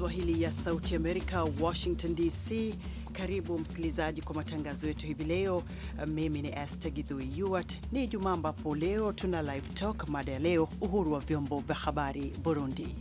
Kiswahili ya Sauti Amerika, Washington DC. Karibu msikilizaji kwa matangazo yetu hivi leo. Mimi ni Esther Githui Yuart. Ni jumaa ambapo leo tuna live talk, mada ya leo, uhuru wa vyombo vya habari Burundi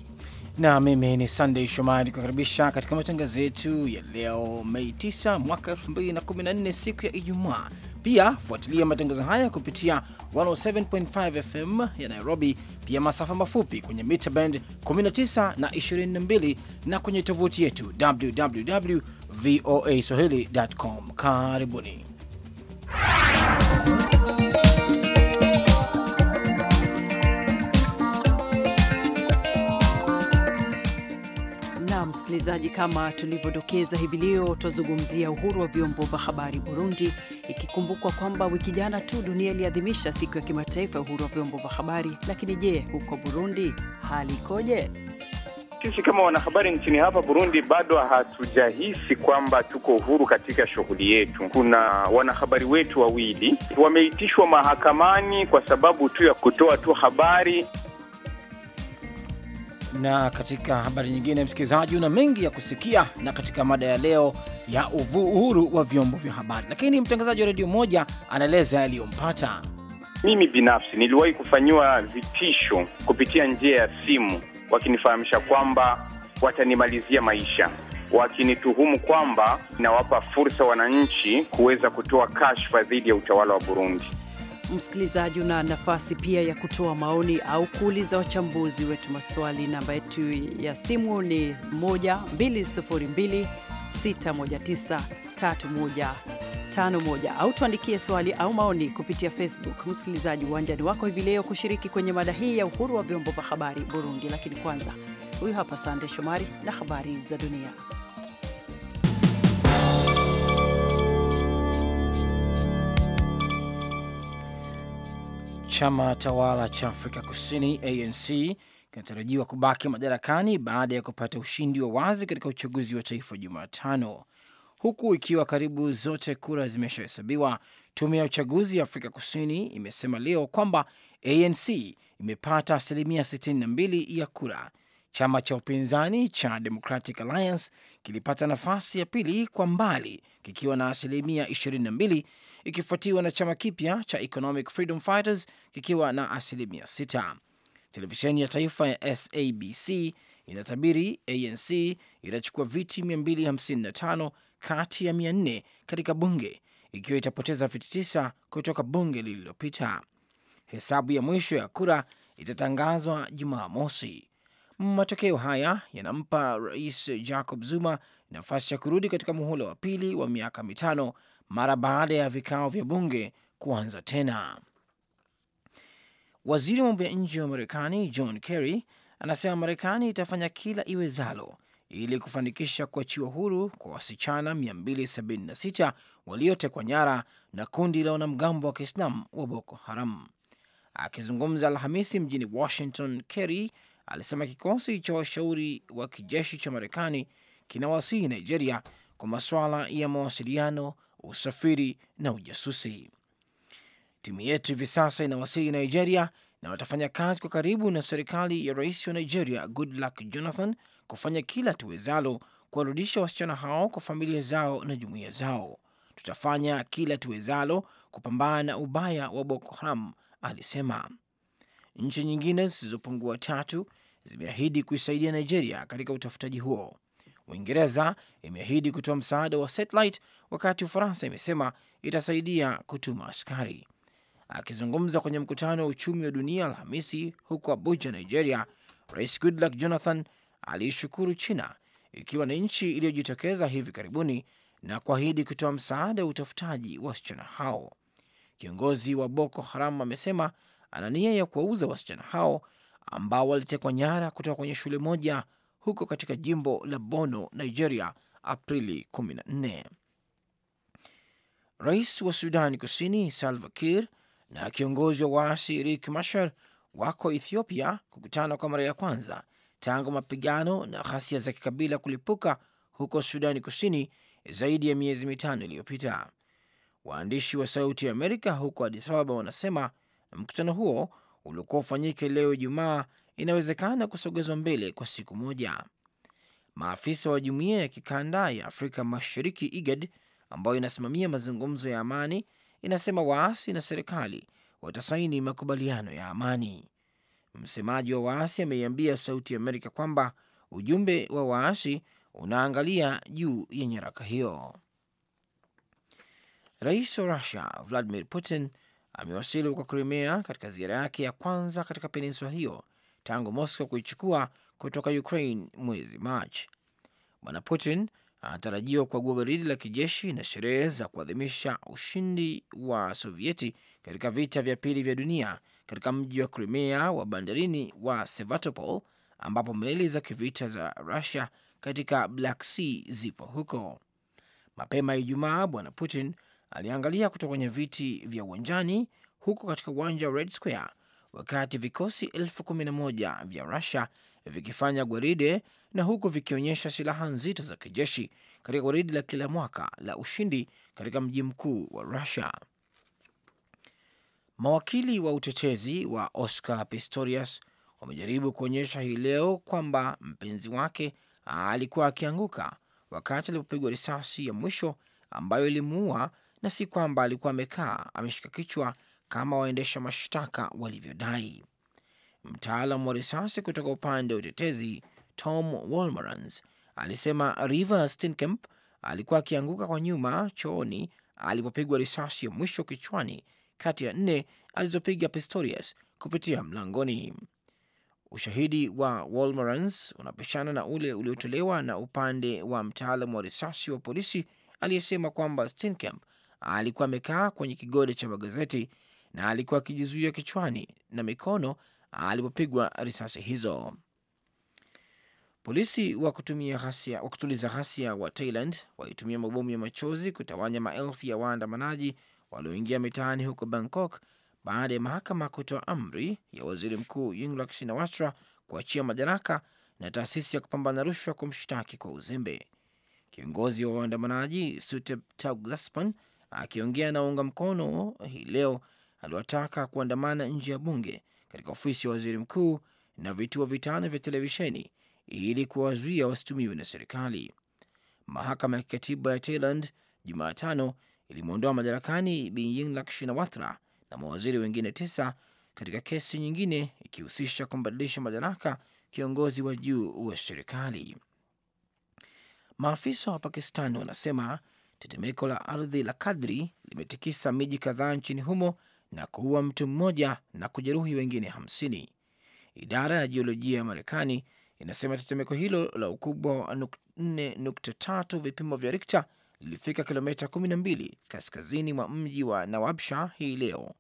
na mimi ni Sunday Shomari kukaribisha katika matangazo yetu ya leo Mei 9 mwaka 2014 siku ya Ijumaa. Pia fuatilia matangazo haya kupitia 107.5 FM ya Nairobi, pia masafa mafupi kwenye mita band 19 na 22 na kwenye tovuti yetu www voa swahili.com. Karibuni. msikilizaji, kama tulivyodokeza hivi leo twazungumzia uhuru wa vyombo vya habari Burundi, ikikumbukwa kwamba wiki jana tu dunia iliadhimisha siku ya kimataifa ya uhuru wa vyombo vya habari. Lakini je, huko Burundi hali ikoje? Sisi kama wanahabari nchini hapa Burundi bado hatujahisi kwamba tuko uhuru katika shughuli yetu. Kuna wanahabari wetu wawili wameitishwa mahakamani kwa sababu tu ya kutoa tu habari na katika habari nyingine, msikilizaji, una mengi ya kusikia na katika mada ya leo ya uhuru wa vyombo vya habari, lakini mtangazaji wa redio moja anaeleza yaliyompata. Mimi binafsi niliwahi kufanyiwa vitisho kupitia njia ya simu, wakinifahamisha kwamba watanimalizia maisha, wakinituhumu kwamba inawapa fursa wananchi kuweza kutoa kashfa dhidi ya utawala wa Burundi. Msikilizaji una nafasi pia ya kutoa maoni au kuuliza wachambuzi wetu maswali. Namba yetu ya simu ni 12026193151 au tuandikie swali au maoni kupitia Facebook. Msikilizaji, uwanjani wako hivi leo kushiriki kwenye mada hii ya uhuru wa vyombo vya habari Burundi. Lakini kwanza, huyu hapa Sande Shomari na habari za dunia. chama tawala cha Afrika Kusini ANC kinatarajiwa kubaki madarakani baada ya kupata ushindi wa wazi katika uchaguzi wa taifa Jumatano, huku ikiwa karibu zote kura zimeshahesabiwa. Tume ya uchaguzi ya Afrika Kusini imesema leo kwamba ANC imepata asilimia 62 ya kura Chama cha upinzani cha Democratic Alliance kilipata nafasi ya pili kwa mbali kikiwa na asilimia 22 ikifuatiwa na chama kipya cha Economic Freedom Fighters kikiwa na asilimia 6. Televisheni ya taifa ya SABC inatabiri ANC itachukua viti 255 kati ya 400 katika bunge ikiwa itapoteza viti tisa kutoka bunge lililopita. Hesabu ya mwisho ya kura itatangazwa Jumaa mosi. Matokeo haya yanampa Rais Jacob Zuma nafasi ya kurudi katika muhula wa pili wa miaka mitano mara baada ya vikao vya bunge kuanza tena. Waziri wa mambo ya nje wa Marekani John Kerry anasema Marekani itafanya kila iwezalo ili kufanikisha kuachiwa huru kwa wasichana 276 waliotekwa nyara na kundi la wanamgambo wa Kiislamu wa Boko Haram. Akizungumza Alhamisi mjini Washington, Kerry alisema kikosi cha washauri wa kijeshi cha Marekani kinawasihi Nigeria kwa masuala ya mawasiliano, usafiri na ujasusi. Timu yetu hivi sasa inawasili Nigeria na watafanya kazi kwa karibu na serikali ya rais wa Nigeria Goodluck Jonathan kufanya kila tuwezalo kuwarudisha wasichana hao kwa familia zao na jumuiya zao. Tutafanya kila tuwezalo kupambana na ubaya wa Boko Haram, alisema. Nchi nyingine zisizopungua tatu zimeahidi kuisaidia Nigeria katika utafutaji huo. Uingereza imeahidi kutoa msaada wa satellite, wakati Ufaransa imesema itasaidia kutuma askari. Akizungumza kwenye mkutano wa uchumi wa dunia Alhamisi huko Abuja, Nigeria, Rais Goodluck Jonathan aliishukuru China ikiwa ni nchi iliyojitokeza hivi karibuni na kuahidi kutoa msaada wa utafutaji wasichana hao. Kiongozi wa Boko Haram amesema ana nia ya kuwauza wasichana hao ambao walitekwa nyara kutoka kwenye shule moja huko katika jimbo la Bono, Nigeria, Aprili 14. Rais wa Sudani Kusini Salva Kiir na kiongozi wa waasi Riek Machar wako Ethiopia kukutana kwa mara ya kwanza tangu mapigano na ghasia za kikabila kulipuka huko Sudani Kusini zaidi ya miezi mitano iliyopita. Waandishi wa Sauti ya Amerika huko Addis Ababa wanasema mkutano huo uliokuwa ufanyike leo Ijumaa inawezekana kusogezwa mbele kwa siku moja. Maafisa wa jumuiya ya kikanda ya Afrika Mashariki, IGAD, ambayo inasimamia mazungumzo ya amani, inasema waasi na serikali watasaini makubaliano ya amani. Msemaji wa waasi ameiambia Sauti Amerika kwamba ujumbe wa waasi unaangalia juu ya nyaraka hiyo. Rais wa Rusia Vladimir Putin amewasili huko Krimea katika ziara yake ya kwanza katika peninsula hiyo tangu Moscow kuichukua kutoka Ukraine mwezi Machi. Bwana Putin anatarajiwa kuagua garidi la kijeshi na sherehe za kuadhimisha ushindi wa Sovieti katika vita vya pili vya dunia katika mji wa krimea wa bandarini wa Sevastopol, ambapo meli za kivita za Russia katika Black Sea zipo huko. Mapema Ijumaa, Bwana Putin aliangalia kutoka kwenye viti vya uwanjani huko katika uwanja wa Red Square wakati vikosi elfu kumi na moja vya Rusia vikifanya gwaride na huku vikionyesha silaha nzito za kijeshi katika gwaridi la kila mwaka la ushindi katika mji mkuu wa Rusia. Mawakili wa utetezi wa Oscar Pistorius wamejaribu kuonyesha hii leo kwamba mpenzi wake alikuwa akianguka wakati alipopigwa risasi ya mwisho ambayo ilimuua na si kwamba alikuwa amekaa ameshika kichwa kama waendesha mashtaka walivyodai. Mtaalam wa risasi kutoka upande wa utetezi Tom Walmerans alisema River Steenkamp alikuwa akianguka kwa nyuma chooni alipopigwa risasi ya mwisho kichwani kati ya nne alizopiga Pistorius kupitia mlangoni. Ushahidi wa Walmerans unapishana na ule uliotolewa na upande wa mtaalamu wa risasi wa polisi aliyesema kwamba Steenkamp alikuwa amekaa kwenye kigode cha magazeti na alikuwa akijizuia kichwani na mikono alipopigwa risasi hizo. Polisi wa kutumia ghasia, wa kutuliza ghasia wa Thailand walitumia mabomu ya machozi kutawanya maelfu ya waandamanaji walioingia mitaani huko Bangkok baada ya mahakama kutoa amri ya waziri mkuu Yingluck Shinawatra kuachia madaraka na taasisi ya kupambana na rushwa kumshtaki kwa uzembe. Kiongozi wa waandamanaji Sutep Taugzapan akiongea na unga mkono hii leo aliwataka kuandamana nje ya bunge katika ofisi ya waziri mkuu na vituo vitano vya televisheni ili kuwazuia wasitumiwe na serikali. Mahakama ya kikatiba ya Thailand Jumatano ilimwondoa madarakani Bi Yingluck Shinawatra na mawaziri wengine tisa katika kesi nyingine ikihusisha kumbadilisha madaraka kiongozi wa juu wa serikali. Maafisa wa pakistan wanasema Tetemeko la ardhi la kadri limetikisa miji kadhaa nchini humo na kuua mtu mmoja na kujeruhi wengine hamsini. Idara ya jiolojia ya Marekani inasema tetemeko hilo la ukubwa wa 4.3 vipimo vya Rikta lilifika kilomita 12 kaskazini mwa mji wa Nawabsha hii leo.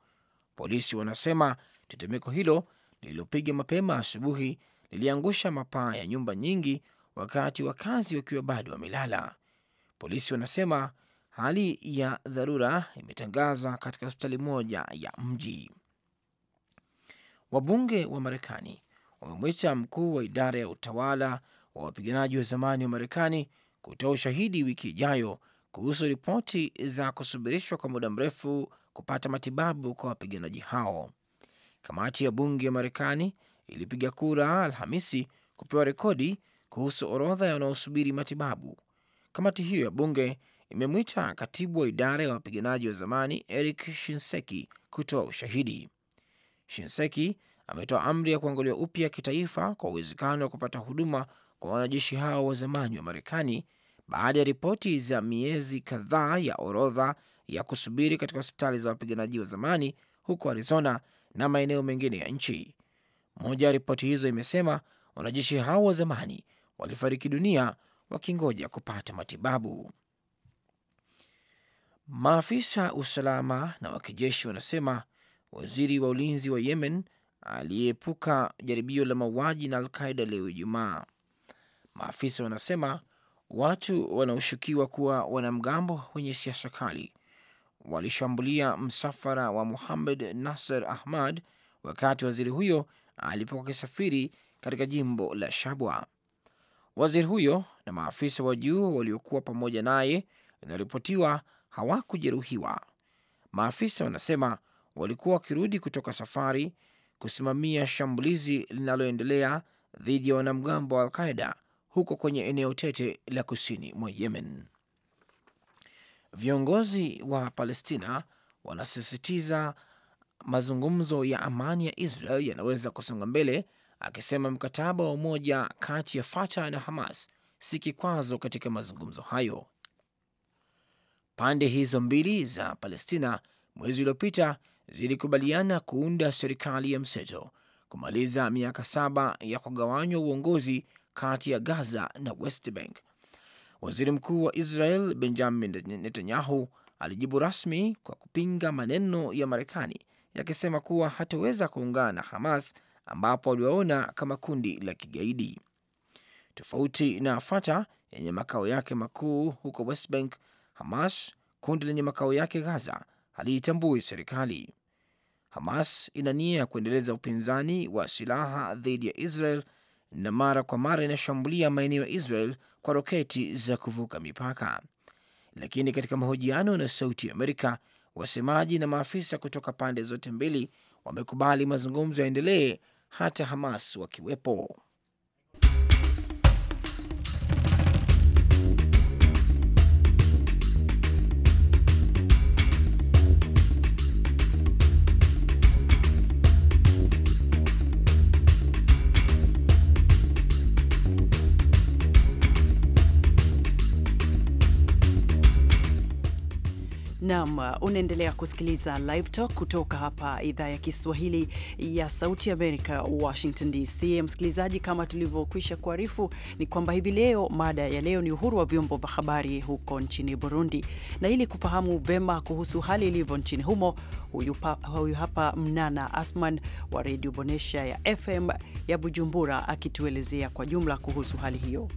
Polisi wanasema tetemeko hilo lililopiga mapema asubuhi liliangusha mapaa ya nyumba nyingi, wakati wakazi wakiwa bado wamelala. Polisi wanasema hali ya dharura imetangazwa katika hospitali moja ya mji. Wabunge wa Marekani wamemwita mkuu wa idara ya utawala wa wapiganaji wa zamani wa Marekani kutoa ushahidi wiki ijayo kuhusu ripoti za kusubirishwa kwa muda mrefu kupata matibabu kwa wapiganaji hao. Kamati ya bunge ya Marekani ilipiga kura Alhamisi kupewa rekodi kuhusu orodha ya wanaosubiri matibabu Kamati hiyo ya bunge imemwita katibu wa idara ya wapiganaji wa zamani Eric Shinseki kutoa ushahidi. Shinseki ametoa amri ya kuangaliwa upya kitaifa kwa uwezekano wa kupata huduma kwa wanajeshi hao wa zamani wa Marekani baada ya ripoti za miezi kadhaa ya orodha ya kusubiri katika hospitali za wapiganaji wa zamani huko Arizona na maeneo mengine ya nchi. Moja ya ripoti hizo imesema wanajeshi hao wa zamani walifariki dunia wakingoja kupata matibabu. Maafisa usalama na wa kijeshi wanasema waziri wa ulinzi wa Yemen aliyeepuka jaribio la mauaji na Alqaida leo Ijumaa. Maafisa wanasema watu wanaoshukiwa kuwa wanamgambo wenye siasa kali walishambulia msafara wa Muhamed Nasser Ahmad wakati waziri huyo alipokuwa akisafiri katika jimbo la Shabwa. Waziri huyo na maafisa wa juu waliokuwa pamoja naye, inaripotiwa hawakujeruhiwa. Maafisa wanasema walikuwa wakirudi kutoka safari kusimamia shambulizi linaloendelea dhidi ya wanamgambo wa Alqaida huko kwenye eneo tete la kusini mwa Yemen. Viongozi wa Palestina wanasisitiza mazungumzo ya amani ya Israel yanaweza kusonga mbele, akisema mkataba wa umoja kati ya Fatah na Hamas si kikwazo katika mazungumzo hayo. Pande hizo mbili za Palestina mwezi uliopita zilikubaliana kuunda serikali ya mseto kumaliza miaka saba ya kugawanywa uongozi kati ya Gaza na West Bank. Waziri mkuu wa Israel Benjamin Netanyahu alijibu rasmi kwa kupinga maneno ya Marekani yakisema kuwa hataweza kuungana na Hamas ambapo waliwaona kama kundi la kigaidi tofauti na Fatah yenye makao yake makuu huko West Bank. Hamas, kundi lenye makao yake Gaza, haliitambui serikali. Hamas ina nia ya kuendeleza upinzani wa silaha dhidi ya Israel na mara kwa mara inashambulia maeneo ya Israel kwa roketi za kuvuka mipaka. Lakini katika mahojiano na Sauti ya Amerika, wasemaji na maafisa kutoka pande zote mbili wamekubali mazungumzo yaendelee hata Hamas wakiwepo. Naam, uh, unaendelea kusikiliza Live Talk kutoka hapa idhaa ya Kiswahili ya Sauti ya Amerika, Washington DC. Msikilizaji, kama tulivyokwisha kuarifu ni kwamba hivi leo mada ya leo ni uhuru wa vyombo vya habari huko nchini Burundi, na ili kufahamu vema kuhusu hali ilivyo nchini humo, huyu, huyu hapa Mnana Asman wa Redio Bonesha ya FM ya Bujumbura akituelezea kwa jumla kuhusu hali hiyo.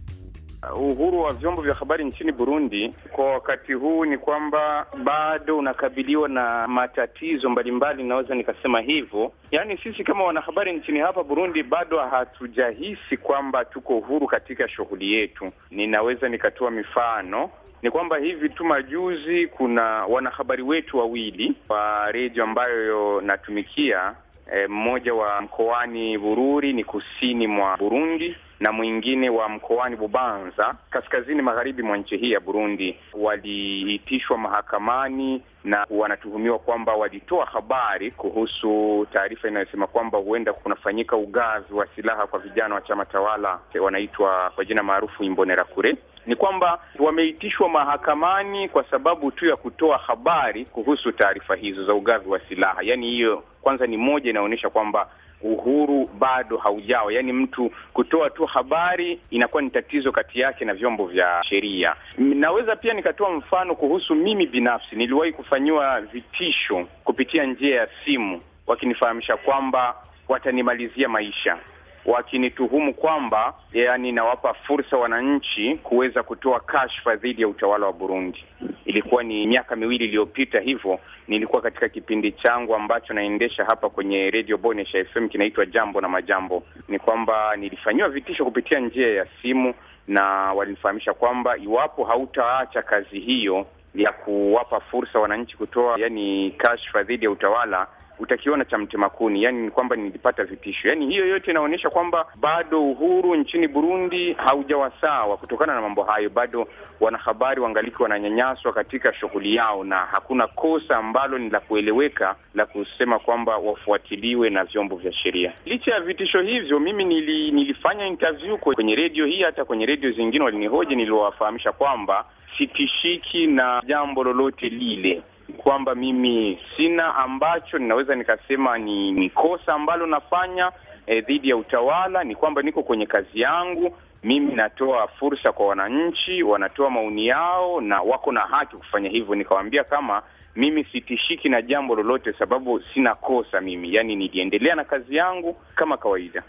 Uh, uhuru wa vyombo vya habari nchini Burundi kwa wakati huu ni kwamba bado unakabiliwa na matatizo mbalimbali, naweza nikasema hivyo. Yaani sisi kama wanahabari nchini hapa Burundi bado hatujahisi kwamba tuko uhuru katika shughuli yetu. Ninaweza nikatoa mifano ni kwamba hivi tu majuzi kuna wanahabari wetu wawili wa redio ambayo natumikia, eh, mmoja e, wa mkoani Bururi ni kusini mwa Burundi na mwingine wa mkoani Bubanza kaskazini magharibi mwa nchi hii ya Burundi waliitishwa mahakamani na wanatuhumiwa kwamba walitoa habari kuhusu taarifa inayosema kwamba huenda kunafanyika ugavi wa silaha kwa vijana wa chama tawala wanaitwa kwa jina maarufu Imbonerakure. Ni kwamba wameitishwa mahakamani kwa sababu tu ya kutoa habari kuhusu taarifa hizo za ugavi wa silaha. Yaani hiyo kwanza ni moja inaonyesha kwamba uhuru bado haujawa, yaani mtu kutoa tu habari inakuwa ni tatizo kati yake na vyombo vya sheria. Naweza pia nikatoa mfano kuhusu mimi binafsi, niliwahi kufanyiwa vitisho kupitia njia ya simu, wakinifahamisha kwamba watanimalizia maisha wakinituhumu kwamba yani nawapa fursa wananchi kuweza kutoa kashfa dhidi ya utawala wa Burundi. Ilikuwa ni miaka miwili iliyopita hivyo, nilikuwa katika kipindi changu ambacho naendesha hapa kwenye Radio Bonesha FM kinaitwa Jambo na Majambo. Ni kwamba nilifanyiwa vitisho kupitia njia ya simu na walinifahamisha kwamba iwapo hautaacha kazi hiyo ya kuwapa fursa wananchi kutoa yani kashfa dhidi ya utawala utakiona cha mtemakuni yani ni kwamba nilipata vitisho. Yani hiyo yote inaonyesha kwamba bado uhuru nchini Burundi haujawa sawa. Kutokana na mambo hayo, bado wanahabari wangaliki wananyanyaswa katika shughuli yao, na hakuna kosa ambalo ni la kueleweka la kusema kwamba wafuatiliwe na vyombo vya sheria. Licha ya vitisho hivyo, mimi nili, nilifanya interview kwenye redio hii, hata kwenye redio zingine walinihoji, niliwafahamisha kwamba sitishiki na jambo lolote lile kwamba mimi sina ambacho ninaweza nikasema ni, ni kosa ambalo nafanya e, dhidi ya utawala. Ni kwamba niko kwenye kazi yangu, mimi natoa fursa kwa wananchi, wanatoa maoni yao na wako na haki kufanya hivyo. Nikawaambia kama mimi sitishiki na jambo lolote, sababu sina kosa mimi, yaani niliendelea na kazi yangu kama kawaida.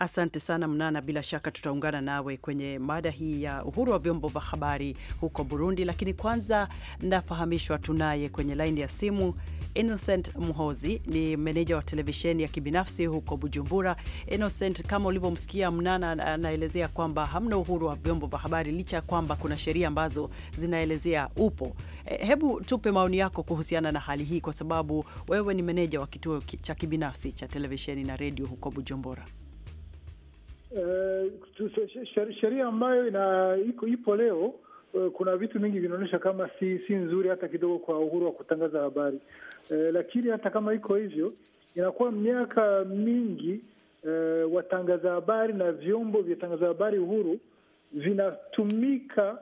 Asante sana Mnana, bila shaka tutaungana nawe kwenye mada hii ya uhuru wa vyombo vya habari huko Burundi, lakini kwanza nafahamishwa tunaye kwenye laini ya simu Innocent Mhozi, ni meneja wa televisheni ya kibinafsi huko Bujumbura. Innocent, kama ulivyomsikia Mnana anaelezea kwamba hamna uhuru wa vyombo vya habari licha ya kwamba kuna sheria ambazo zinaelezea upo. E, hebu tupe maoni yako kuhusiana na hali hii, kwa sababu wewe ni meneja wa kituo cha kibinafsi cha televisheni na redio huko Bujumbura. Uh, sheria ambayo ina iko ipo leo uh, kuna vitu vingi vinaonyesha kama si si nzuri hata kidogo kwa uhuru wa kutangaza habari uh, lakini hata kama iko hivyo inakuwa miaka mingi uh, watangaza habari na vyombo vya tangaza habari uhuru vinatumika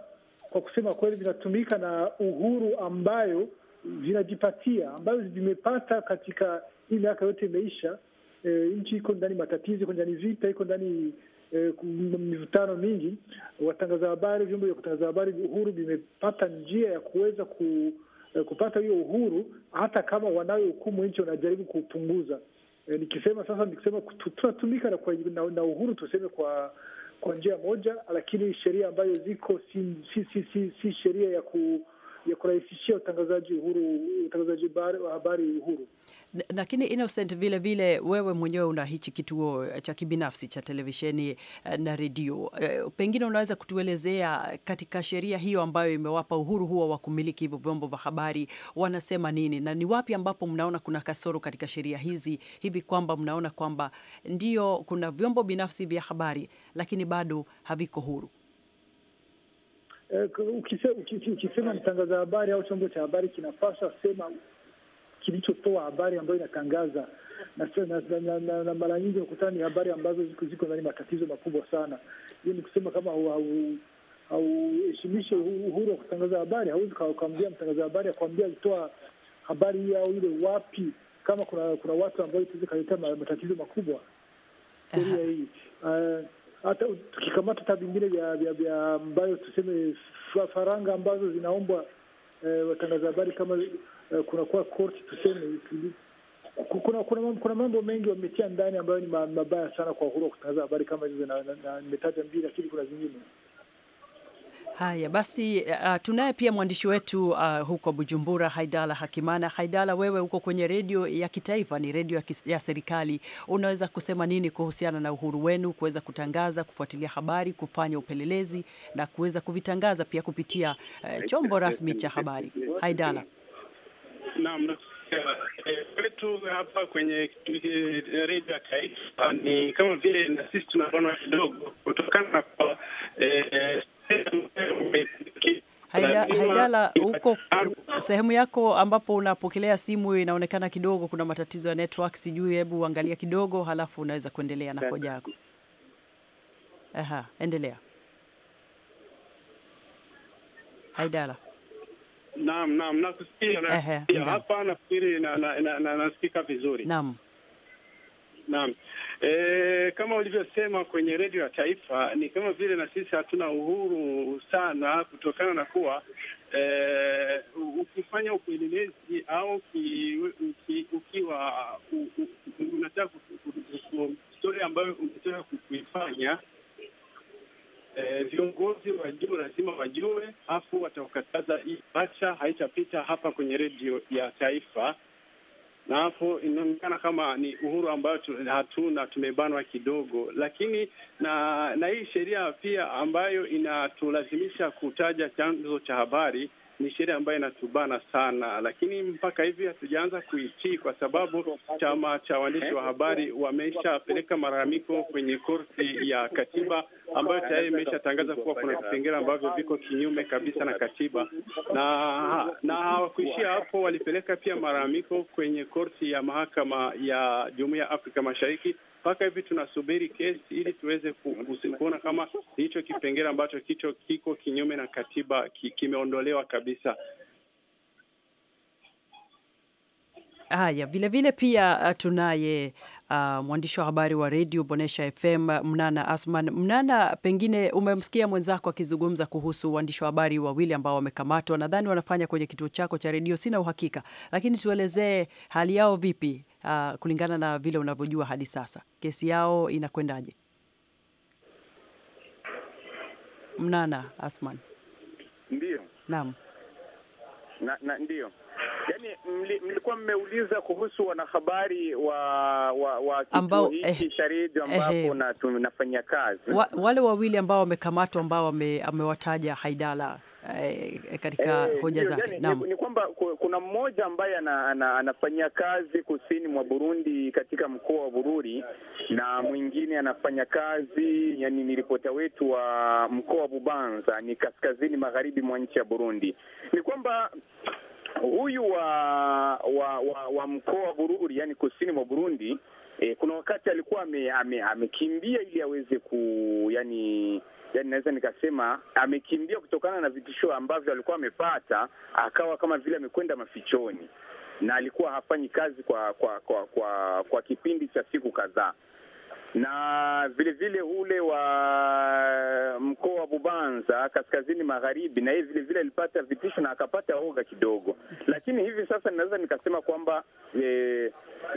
kwa kusema kweli, vinatumika na uhuru ambayo vinajipatia ambayo vimepata katika hii miaka yote imeisha e, nchi iko ndani matatizo, iko ndani vita, iko ndani e, mivutano mingi. Watangaza habari, vyombo vya kutangaza habari uhuru vimepata njia ya kuweza ku, e, kupata hiyo uhuru, hata kama hukumu nchi wanajaribu kuupunguza. E, nikisema sasa, nikisema tunatumika na, na, na uhuru tuseme kwa kwa njia moja, lakini sheria ambayo ziko si, si, si, si, si sheria ya ku ya kurahisishia utangazaji uhuru, utangazaji wa habari uhuru. Lakini Innocent, vile vile wewe mwenyewe una hichi kituo eh, cha kibinafsi cha televisheni eh, na redio, eh, pengine unaweza kutuelezea katika sheria hiyo ambayo imewapa uhuru huo wa kumiliki hivyo vyombo vya habari, wanasema nini na ni wapi ambapo mnaona kuna kasoro katika sheria hizi, hivi kwamba mnaona kwamba ndio kuna vyombo binafsi vya habari lakini bado haviko huru? Eh, ukisema mtangaza habari au chombo cha habari kinapaswa sema kilichotoa habari ambayo inatangaza, na mara nyingi ukutana ni habari ambazo ziko ndani matatizo makubwa sana. Hiyo ni kusema kama hauheshimishi uhuru wa kutangaza habari, hauwezi ukamwambia mtangaza habari akwambia alitoa habari hii au ile wapi, kama kuna kuna watu ambao itaweza kaleta matatizo makubwa sheria hii uh, hata tukikamata hata vingine vya ambayo tuseme faranga ambazo zinaombwa eh, watangaza habari kama eh, kunakuwa korti tuseme kuna kuna, kuna mambo mengi wametia ndani ambayo ni mabaya sana kwa uhuru wa kutangaza habari kama hizo, na nimetaja mbili, lakini kuna zingine Haya basi, uh, tunaye pia mwandishi wetu uh, huko Bujumbura, Haidala Hakimana. Haidala, wewe uko kwenye redio ya kitaifa, ni redio ya, ya serikali. Unaweza kusema nini kuhusiana na uhuru wenu kuweza kutangaza, kufuatilia habari, kufanya upelelezi na kuweza kuvitangaza pia kupitia uh, chombo rasmi cha habari? Haidala. Naam, kwetu hapa kwenye eh, redio ya taifa ni kama vile na sisi tunaona kidogo kutokana na Haida, Haidala, huko sehemu yako ambapo unapokelea simu inaonekana kidogo kuna matatizo ya network, sijui, hebu uangalia kidogo, halafu unaweza kuendelea na hoja yako. Aha, endelea Haidala. Naam, naam, nakusikia hapa nafikiri nasikika vizuri. Naam. Naam. E, kama ulivyosema kwenye redio ya taifa ni kama vile na sisi hatuna uhuru sana kutokana na kuwa e, ukifanya upelelezi au ki, uki, ukiwa unataka historia ambayo unataka kuifanya e, viongozi wa juu lazima wajue, afu wataukataza hii bacha haitapita hapa kwenye redio ya taifa na hapo inaonekana kama ni uhuru ambayo hatuna, tumebanwa kidogo, lakini na na hii sheria pia ambayo inatulazimisha kutaja chanzo cha habari ni sheria ambayo inatubana sana, lakini mpaka hivi hatujaanza kuitii kwa sababu chama cha waandishi wa habari wameshapeleka malalamiko kwenye korti ya katiba ambayo tayari imeshatangaza kuwa kuna vipengele ambavyo viko kinyume kabisa na katiba, na na hawakuishia hapo, walipeleka pia malalamiko kwenye korti ya mahakama ya Jumuiya ya Afrika Mashariki mpaka hivi tunasubiri kesi ili tuweze kuona kama hicho kipengele ambacho kicho kiko kinyume na katiba kimeondolewa kabisa. Haya, vilevile pia uh, tunaye uh, mwandishi wa habari wa redio Bonesha FM Mnana Asman. Mnana, pengine umemsikia mwenzako akizungumza kuhusu waandishi wa habari wawili ambao wamekamatwa, nadhani wanafanya kwenye kituo chako cha redio, sina uhakika, lakini tuelezee hali yao vipi uh, kulingana na vile unavyojua hadi sasa kesi yao inakwendaje? Mnana Asman. ndio Naam. Na, na ndiyo yaani mlikuwa mmeuliza kuhusu wanahabari wa wa, wa ambao eh, Sharidi eh, ambapo eh, na tunafanya kazi wa, wale wawili ambao wamekamatwa ambao amewataja Haidala e, katika e, hoja zake yani, Ni, ni kwamba kuna mmoja ambaye ana, ana, kazi kusini mwa Burundi katika mkoa wa Bururi na mwingine anafanya kazi yani, ni ripota wetu wa mkoa wa Bubanza, ni kaskazini magharibi mwa nchi ya Burundi. Ni kwamba huyu wa wa wa, wa mkoa wa Bururi yani kusini mwa Burundi e, kuna wakati alikuwa amekimbia ame, ame ili aweze ku yani yani naweza nikasema amekimbia kutokana na vitisho ambavyo alikuwa amepata, akawa kama vile amekwenda mafichoni na alikuwa hafanyi kazi kwa kwa kwa kwa, kwa kipindi cha siku kadhaa na vile vile ule wa mkoa wa Bubanza kaskazini magharibi, na yeye vile vile alipata vitisho na akapata oga kidogo, lakini hivi sasa ninaweza nikasema kwamba e,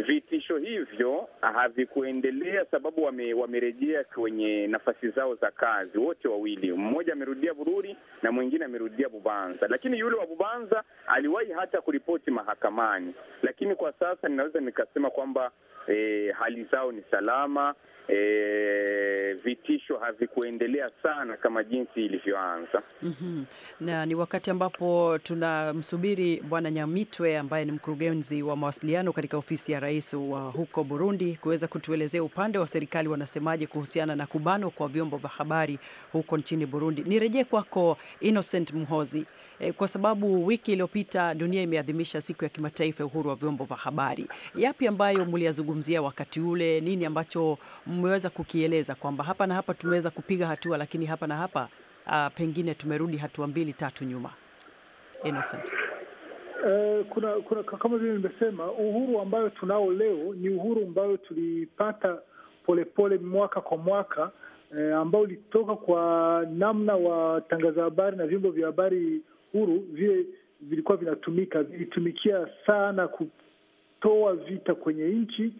Vitisho hivyo havikuendelea sababu wamerejea wame kwenye nafasi zao za kazi wote wawili, mmoja amerudia Bururi na mwingine amerudia Bubanza, lakini yule wa Bubanza aliwahi hata kuripoti mahakamani, lakini kwa sasa ninaweza nikasema kwamba e, hali zao ni salama e, vitisho havikuendelea sana kama jinsi ilivyoanza. mm -hmm. Na ni wakati ambapo tunamsubiri Bwana Nyamitwe ambaye ni mkurugenzi wa mawasiliano katika ofisi ya rais wa huko Burundi kuweza kutuelezea upande wa serikali wanasemaje kuhusiana na kubanwa kwa vyombo vya habari huko nchini Burundi. Nirejee kwako Innocent Mhozi, e, kwa sababu wiki iliyopita dunia imeadhimisha siku ya kimataifa ya uhuru wa vyombo vya habari. Yapi ambayo mliyazungumzia wakati ule? Nini ambacho mmeweza kukieleza kwamba hapa na hapa tumeweza kupiga hatua, lakini hapa na hapa uh, pengine tumerudi hatua mbili tatu nyuma. Innocent. Uh, kuna, kuna kama vile nimesema, uhuru ambayo tunao leo ni uhuru ambayo tulipata polepole pole, mwaka kwa mwaka eh, ambao ulitoka kwa namna watangaza habari na vyombo vya habari huru vile vilikuwa vinatumika vilitumikia sana kutoa vita kwenye nchi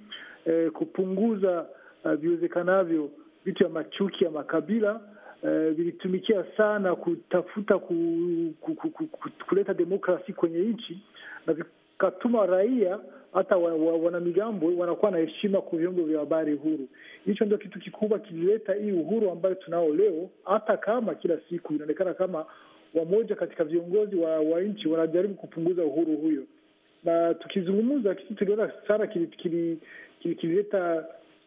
eh, kupunguza Uh, viwezekanavyo vitu ya machuki ya makabila uh, vilitumikia sana kutafuta ku, ku, ku, ku, ku, kuleta demokrasi kwenye nchi na vikatuma raia hata wa, wa, wanamigambo wanakuwa na heshima kwa vyombo vya habari huru. Hicho ndio kitu kikubwa kilileta hii uhuru ambayo tunao leo, hata kama kila siku inaonekana kama wamoja katika viongozi wa, wa nchi wanajaribu kupunguza uhuru huyo. Na tukizungumza kitu tuliona sana kilileta kili, kili, kili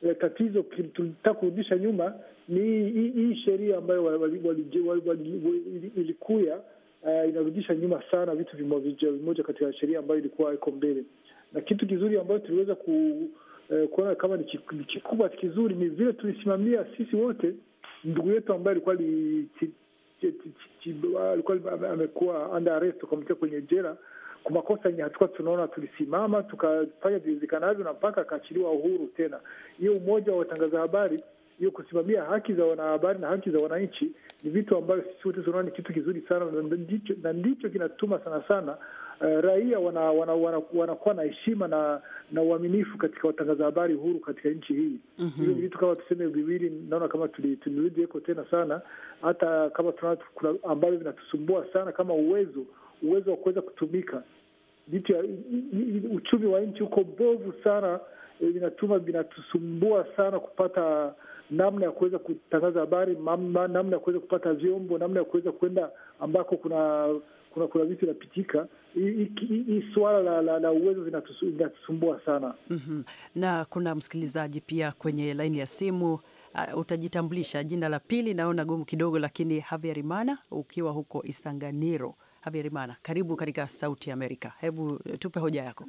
Eh, tatizo tulitaka kurudisha nyuma ni hii sheria ambayo ilikuya uh, inarudisha nyuma sana vitu vimoja katika sheria ambayo ilikuwa iko mbele, na kitu kizuri ambayo tuliweza ku, uh, kuona kama ni kikubwa kizuri ni vile tulisimamia sisi wote ndugu yetu ambaye alikuwa alikuwa amekuwa under arrest, kwenye jela makosa yenye hatua, tunaona tulisimama tukafanya viwezekanavyo na mpaka akaachiliwa uhuru tena. Hiyo umoja wa watangaza habari, hiyo kusimamia haki za wanahabari na haki za wananchi ni vitu ambavyo sisi wote tunaona ni kitu kizuri sana, na ndicho kinatuma sana sana Uh, raia wanakuwa wana, wana, wana na heshima na na uaminifu katika watangaza habari huru katika nchi hii. mm -hmm. vitu kama tuseme viwili, naona kama tulirudi eko tena sana, hata kama tunaona ambavyo vinatusumbua sana kama uwezo uwezo wa kuweza kutumika. Uchumi wa nchi uko mbovu sana, e, inatuma vinatusumbua sana kupata namna ya kuweza kutangaza habari, namna ya kuweza kupata vyombo, namna ya kuweza kuenda ambako kuna kuna kuna vitu inapitika. Hii suala la, la, la uwezo vinatusumbua sana mm -hmm. Na kuna msikilizaji pia kwenye laini ya simu. Uh, utajitambulisha jina la pili, naona gumu kidogo, lakini Havia Rimana ukiwa huko Isanganiro Habyarimana, karibu katika Sauti ya Amerika. Hebu eh, tupe hoja yako.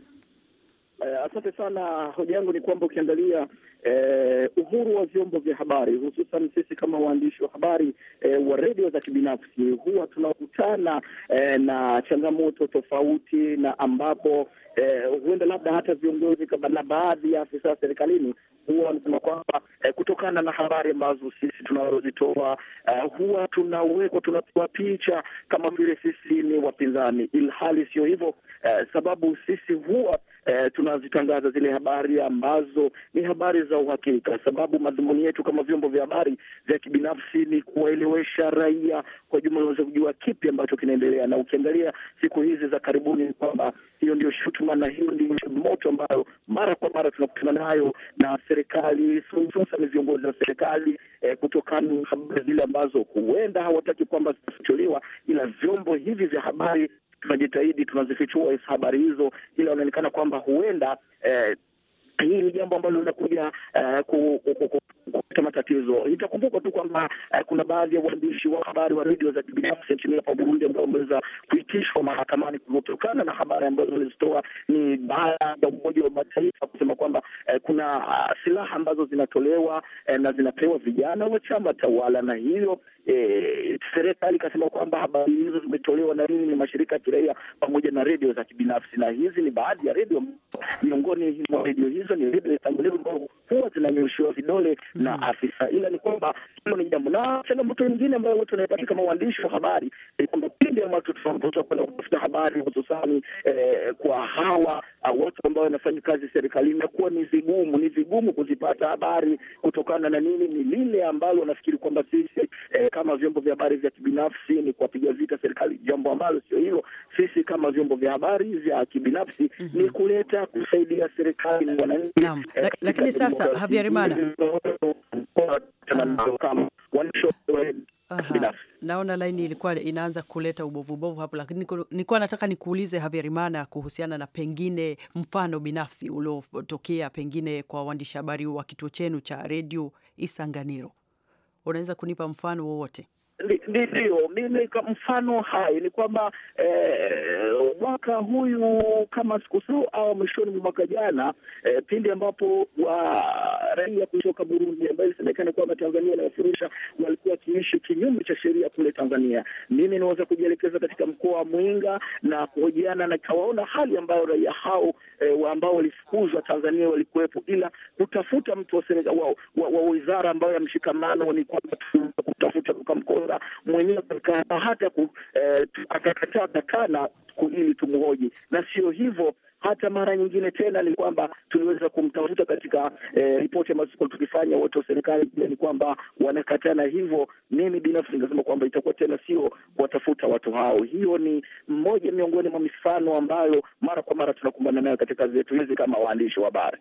Eh, asante sana. Hoja yangu ni kwamba ukiangalia eh, uhuru wa vyombo vya habari hususan sisi kama waandishi wa habari eh, wa redio za kibinafsi huwa tunakutana eh, na changamoto tofauti, na ambapo eh, huenda labda hata viongozi na baadhi ya afisa serikalini huwa wanasema kwamba eh, kutokana na habari ambazo sisi tunazozitoa eh, huwa tunawekwa tunapewa picha kama vile sisi ni wapinzani, ilhali sio hivyo. Eh, sababu sisi huwa eh, tunazitangaza zile habari ambazo ni habari za uhakika, sababu madhumuni yetu kama vyombo vya habari vya kibinafsi ni kuwaelewesha raia kwa jumla waweze kujua kipi ambacho kinaendelea. Na ukiangalia siku hizi za karibuni, ni kwamba hiyo ndio shutuma na hiyo ndio changamoto ambayo mara kwa mara tunakutana nayo na serikali, hususan viongozi wa serikali eh, kutokana na habari zile ambazo huenda hawataki kwamba zitafichuliwa, ila vyombo hivi vya habari tunajitahidi, tunazifichua habari hizo, ila inaonekana kwamba huenda eh, hii ni jambo ambalo linakuja eh, ku, ku, ku, ku kupata matatizo. Itakumbuka tu kwamba uh, kuna baadhi ya waandishi wa habari wa redio za kibinafsi nchini hapa Burundi ambao wameweza kuitishwa mahakamani kutokana na habari ambazo walizitoa ni baada ya Umoja wa Mataifa kusema kwamba uh, kuna uh, silaha ambazo zinatolewa uh, na zinapewa vijana wa chama tawala, na hiyo uh, serikali ikasema kwamba habari hizo zimetolewa na nini ni mashirika ya kiraia pamoja na redio za kibinafsi, na hizi ni baadhi ya redio. Miongoni mwa redio hizo ni redio za ambao huwa zinanyoshiwa vidole mm. na hmm. afisa, ila ni kwamba hilo ni jambo. Na changamoto nyingine ambayo wote wanaipata kama waandishi wa habari ni kwamba pindi watu tunavota kwenda kutafuta habari, hususani eh, kwa hawa uh, watu ambao wanafanya kazi serikalini, inakuwa ni vigumu, ni vigumu kuzipata habari kutokana na nini? Ni lile ambalo wanafikiri kwamba sisi eh, kama vyombo vya habari vya kibinafsi ni kuwapiga vita serikali, jambo ambalo sio hilo. Sisi kama vyombo vya habari vya kibinafsi mm -hmm. ni mhm. kuleta kusaidia serikali na wananchi. Eh, Lakini sasa Havyarimana Naona laini ilikuwa inaanza kuleta ubovuubovu hapo, lakini nilikuwa nataka nikuulize havyarimana kuhusiana na pengine mfano binafsi uliotokea pengine kwa waandishi habari wa kituo chenu cha redio Isanganiro, unaweza kunipa mfano wowote? ndio mimi mfano hai ni kwamba eh, mwaka huyu kama sikusahau, au mwishoni mwa mwaka jana eh, pindi ambapo wa raia kutoka Burundi ambayo ilisemekana kwamba Tanzania inawafurusha walikuwa wakiishi kinyume cha sheria kule Tanzania, mimi niweza kujielekeza katika mkoa wa Mwinga na kuhojiana na kawaona hali ambayo raia hao eh, ambao walifukuzwa Tanzania walikuwepo, ila kutafuta mtu wa wizara wa, wa, wa ambayo ya mshikamano ni kwamba kutafuta tukamkosa Mandela mwenyewe eh, akakaa hata eh, akakataa kakana ili tumhoji, na sio hivyo hata mara nyingine tena ni kwamba tuliweza kumtafuta katika eh, ripoti ambazo tukifanya wote wa serikali ni kwamba wanakatana. Hivyo mimi binafsi ningesema kwamba itakuwa tena sio kuwatafuta watu hao. Hiyo ni mmoja miongoni mwa mifano ambayo mara kwa mara tunakumbana nayo katika kazi zetu hizi kama waandishi wa habari.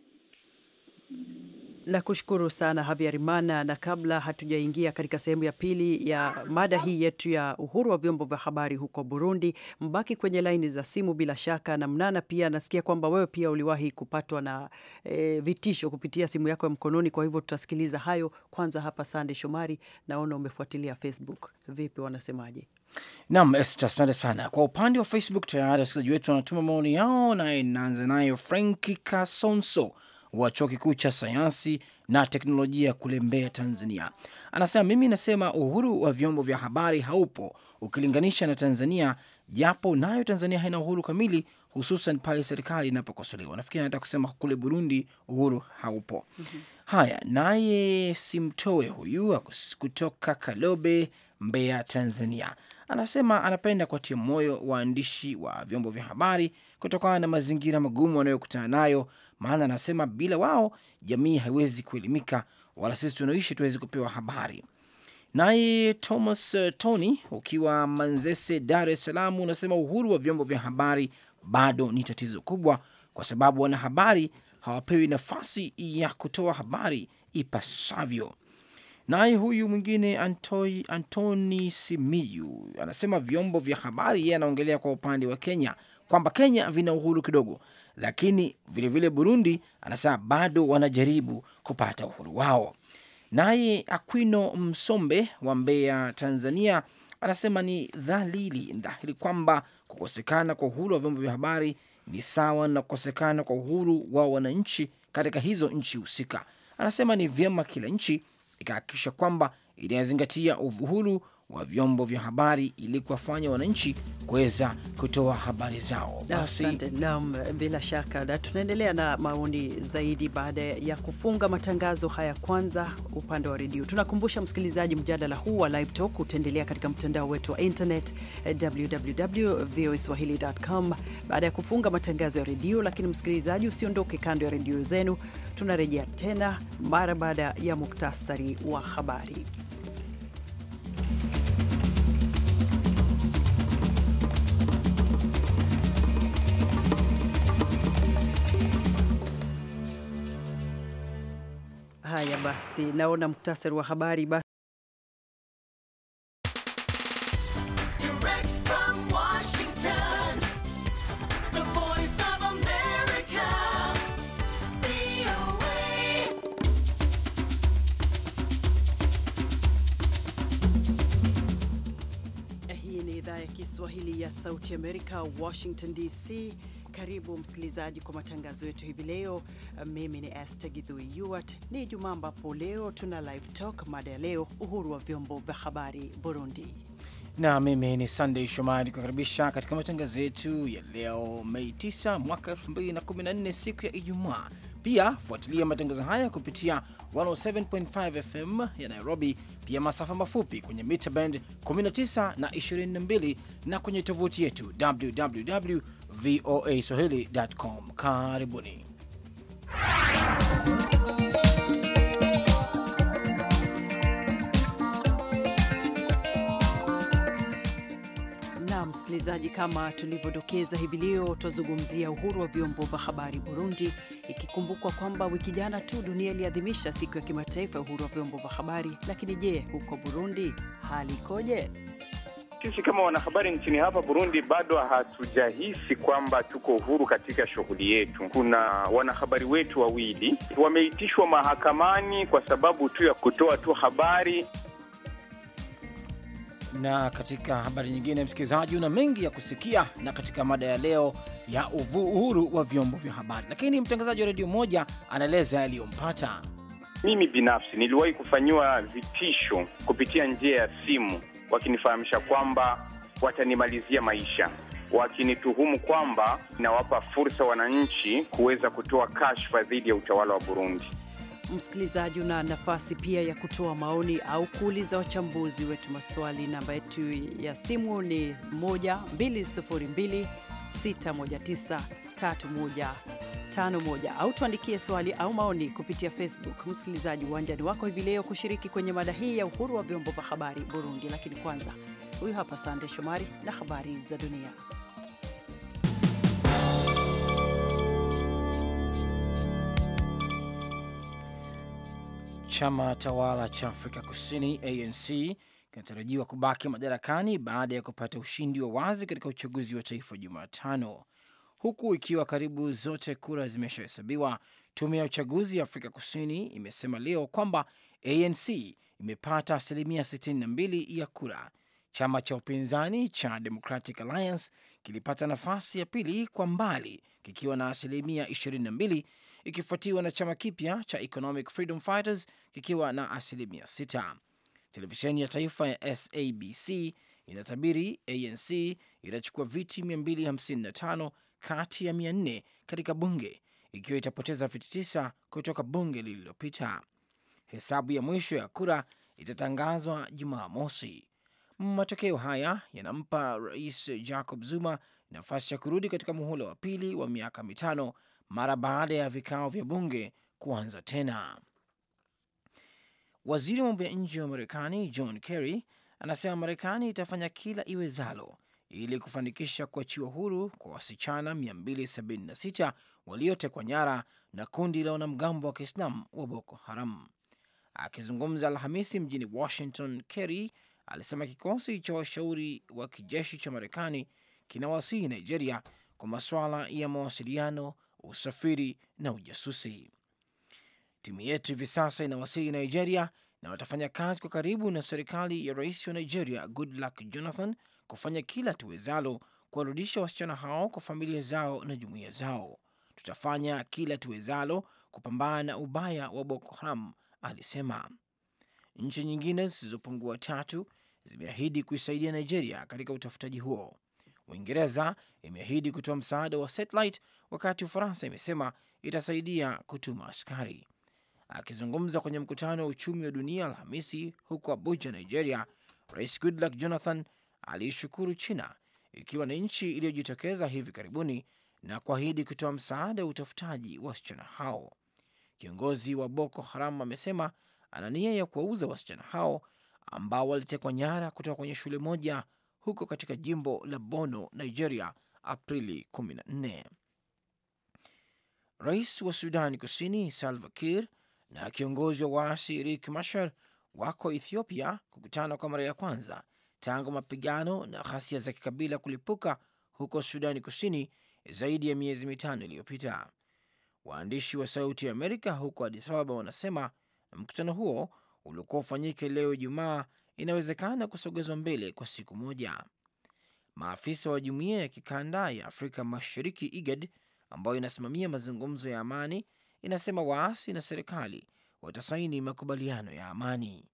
Nakushukuru sana Habyarimana, na kabla hatujaingia katika sehemu ya pili ya mada hii yetu ya uhuru wa vyombo vya habari huko Burundi, mbaki kwenye laini za simu bila shaka. Na Mnana, pia nasikia kwamba wewe pia uliwahi kupatwa na e, vitisho kupitia simu yako ya mkononi, kwa hivyo tutasikiliza hayo kwanza. Hapa Sande Shomari, naona umefuatilia Facebook, vipi, wanasemaje? Nam, asante sana. Kwa upande wa Facebook tayari wasikilizaji wetu wanatuma maoni yao, naye naanza nayo Franki Kasonso wa chuo kikuu cha sayansi na teknolojia kule Mbeya, Tanzania. Anasema mimi nasema uhuru wa vyombo vya habari haupo ukilinganisha na Tanzania, japo nayo Tanzania haina uhuru kamili, hususan pale serikali inapokosolewa. Nafikiri anataka kusema kule Burundi uhuru haupo. mm -hmm. Haya, naye simtoe huyu kutoka Kalobe, Mbeya, Tanzania, anasema anapenda kuwatia moyo waandishi wa vyombo vya habari kutokana na mazingira magumu wanayokutana nayo maana anasema bila wao jamii haiwezi kuelimika wala sisi tunaoishi tuwezi kupewa habari. Naye Thomas eh, Tony ukiwa Manzese, Dar es Salaam, unasema uhuru wa vyombo vya habari bado ni tatizo kubwa, kwa sababu wanahabari hawapewi nafasi ya kutoa habari ipasavyo. Naye huyu mwingine Antoi, Antoni Simiyu anasema vyombo vya habari, yeye anaongelea kwa upande wa Kenya kwamba Kenya vina uhuru kidogo, lakini vilevile vile Burundi anasema bado wanajaribu kupata uhuru wao. Naye Akwino Msombe wa Mbeya, Tanzania, anasema ni dhalili dhahiri kwamba kukosekana kwa uhuru wa vyombo vya habari ni sawa na kukosekana kwa uhuru wa wananchi katika hizo nchi husika. Anasema ni vyema kila nchi ikahakikisha kwamba inayozingatia uhuru wa vyombo vya habari ili kuwafanya wananchi kuweza kutoa habari zao. Basi Naam, bila shaka, na tunaendelea na maoni zaidi baada ya kufunga matangazo haya. Kwanza upande wa redio, tunakumbusha msikilizaji, mjadala huu wa Live Talk utaendelea katika mtandao wetu wa internet www.voaswahili.com baada ya kufunga matangazo ya redio. Lakini msikilizaji, usiondoke kando ya redio zenu, tunarejea tena mara baada ya muktasari wa habari. Haya basi, naona muktasari wa habari basi. Eh, ni idhaa ya Kiswahili ya Sauti Amerika, Washington DC. Karibu msikilizaji kwa matangazo yetu hivi leo. Mimi ni Esther Githui Yuat. Ni Jumaa ambapo leo tuna live talk, mada ya leo uhuru wa vyombo vya habari Burundi, na mimi ni Sunday Shomari kukaribisha katika matangazo yetu ya leo Mei 9 mwaka 2014 siku ya Ijumaa. Pia fuatilia matangazo haya kupitia 107.5 FM ya Nairobi, pia masafa mafupi kwenye mita band 19 na 22 na kwenye tovuti yetu www voa swahili.com. Karibuni. Msikilizaji, kama tulivyodokeza hivi leo twazungumzia uhuru wa vyombo vya habari Burundi, ikikumbukwa kwamba wiki jana tu dunia iliadhimisha siku ya kimataifa ya uhuru wa vyombo vya habari. Lakini je, huko Burundi hali ikoje? sisi kama wanahabari nchini hapa Burundi bado hatujahisi kwamba tuko uhuru katika shughuli yetu. Kuna wanahabari wetu wawili wameitishwa mahakamani kwa sababu tu ya kutoa tu habari. Na katika habari nyingine, msikilizaji, una mengi ya kusikia, na katika mada ya leo ya uhuru wa vyombo vya habari, lakini mtangazaji wa redio moja anaeleza yaliyompata. Mimi binafsi niliwahi kufanyiwa vitisho kupitia njia ya simu wakinifahamisha kwamba watanimalizia maisha, wakinituhumu kwamba nawapa fursa wananchi kuweza kutoa kashfa dhidi ya utawala wa Burundi. Msikilizaji, una nafasi pia ya kutoa maoni au kuuliza wachambuzi wetu maswali. Namba yetu ya simu ni 120261931 951 au tuandikie swali au maoni kupitia Facebook. Msikilizaji, uwanjani wako hivi leo kushiriki kwenye mada hii ya uhuru wa vyombo vya habari Burundi. Lakini kwanza, huyu hapa Sande Shomari na habari za dunia. Chama tawala cha Afrika Kusini ANC kinatarajiwa kubaki madarakani baada ya kupata ushindi wa wazi katika uchaguzi wa taifa Jumatano huku ikiwa karibu zote kura zimeshahesabiwa. Tume ya uchaguzi ya Afrika Kusini imesema leo kwamba ANC imepata asilimia 62 ya kura. Chama cha upinzani cha Democratic Alliance kilipata nafasi ya pili kwa mbali kikiwa na asilimia 22, ikifuatiwa na chama kipya cha Economic Freedom Fighters kikiwa na asilimia 6. Televisheni ya taifa ya SABC inatabiri ANC itachukua viti 255 kati ya mia nne katika bunge ikiwa itapoteza viti tisa kutoka bunge lililopita. Hesabu ya mwisho ya kura itatangazwa Jumaa mosi. Matokeo haya yanampa rais Jacob Zuma nafasi ya kurudi katika muhula wa pili wa miaka mitano mara baada ya vikao vya bunge kuanza tena. Waziri wa mambo ya nje wa Marekani John Kerry anasema Marekani itafanya kila iwezalo ili kufanikisha kuachiwa huru kwa wasichana 276 waliotekwa nyara na kundi la wanamgambo wa Kiislamu wa Boko Haram. Akizungumza Alhamisi mjini Washington, Kerry alisema kikosi cha washauri wa kijeshi cha Marekani kinawasihi Nigeria kwa masuala ya mawasiliano, usafiri na ujasusi. Timu yetu hivi sasa inawasihi Nigeria na watafanya kazi kwa karibu na serikali ya rais wa Nigeria Goodluck Jonathan kufanya kila tuwezalo kuwarudisha wasichana hao kwa familia zao na jumuiya zao. Tutafanya kila tuwezalo kupambana na ubaya wa Boko Haram, alisema. Nchi nyingine zisizopungua tatu zimeahidi kuisaidia Nigeria katika utafutaji huo. Uingereza imeahidi kutoa msaada wa satellite, wakati Ufaransa imesema itasaidia kutuma askari. Akizungumza kwenye mkutano wa uchumi wa dunia Alhamisi huko Abuja, Nigeria, Rais Goodluck Jonathan aliishukuru China ikiwa ni nchi iliyojitokeza hivi karibuni na kuahidi kutoa msaada wa utafutaji wasichana hao. Kiongozi wa Boko Haram amesema ana nia ya kuwauza wasichana hao ambao walitekwa nyara kutoka kwenye shule moja huko katika jimbo la Bono, Nigeria, Aprili 14. Rais wa Sudani Kusini Salva Kiir na kiongozi wa waasi Riek Machar wako Ethiopia kukutana kwa mara ya kwanza tangu mapigano na ghasia za kikabila kulipuka huko Sudani Kusini zaidi ya miezi mitano iliyopita. Waandishi wa Sauti ya Amerika huko Addis Ababa wanasema mkutano huo uliokuwa ufanyike leo Ijumaa inawezekana kusogezwa mbele kwa siku moja. Maafisa wa Jumuiya ya Kikanda ya Afrika Mashariki, IGAD, ambayo inasimamia mazungumzo ya amani, inasema waasi na serikali watasaini makubaliano ya amani.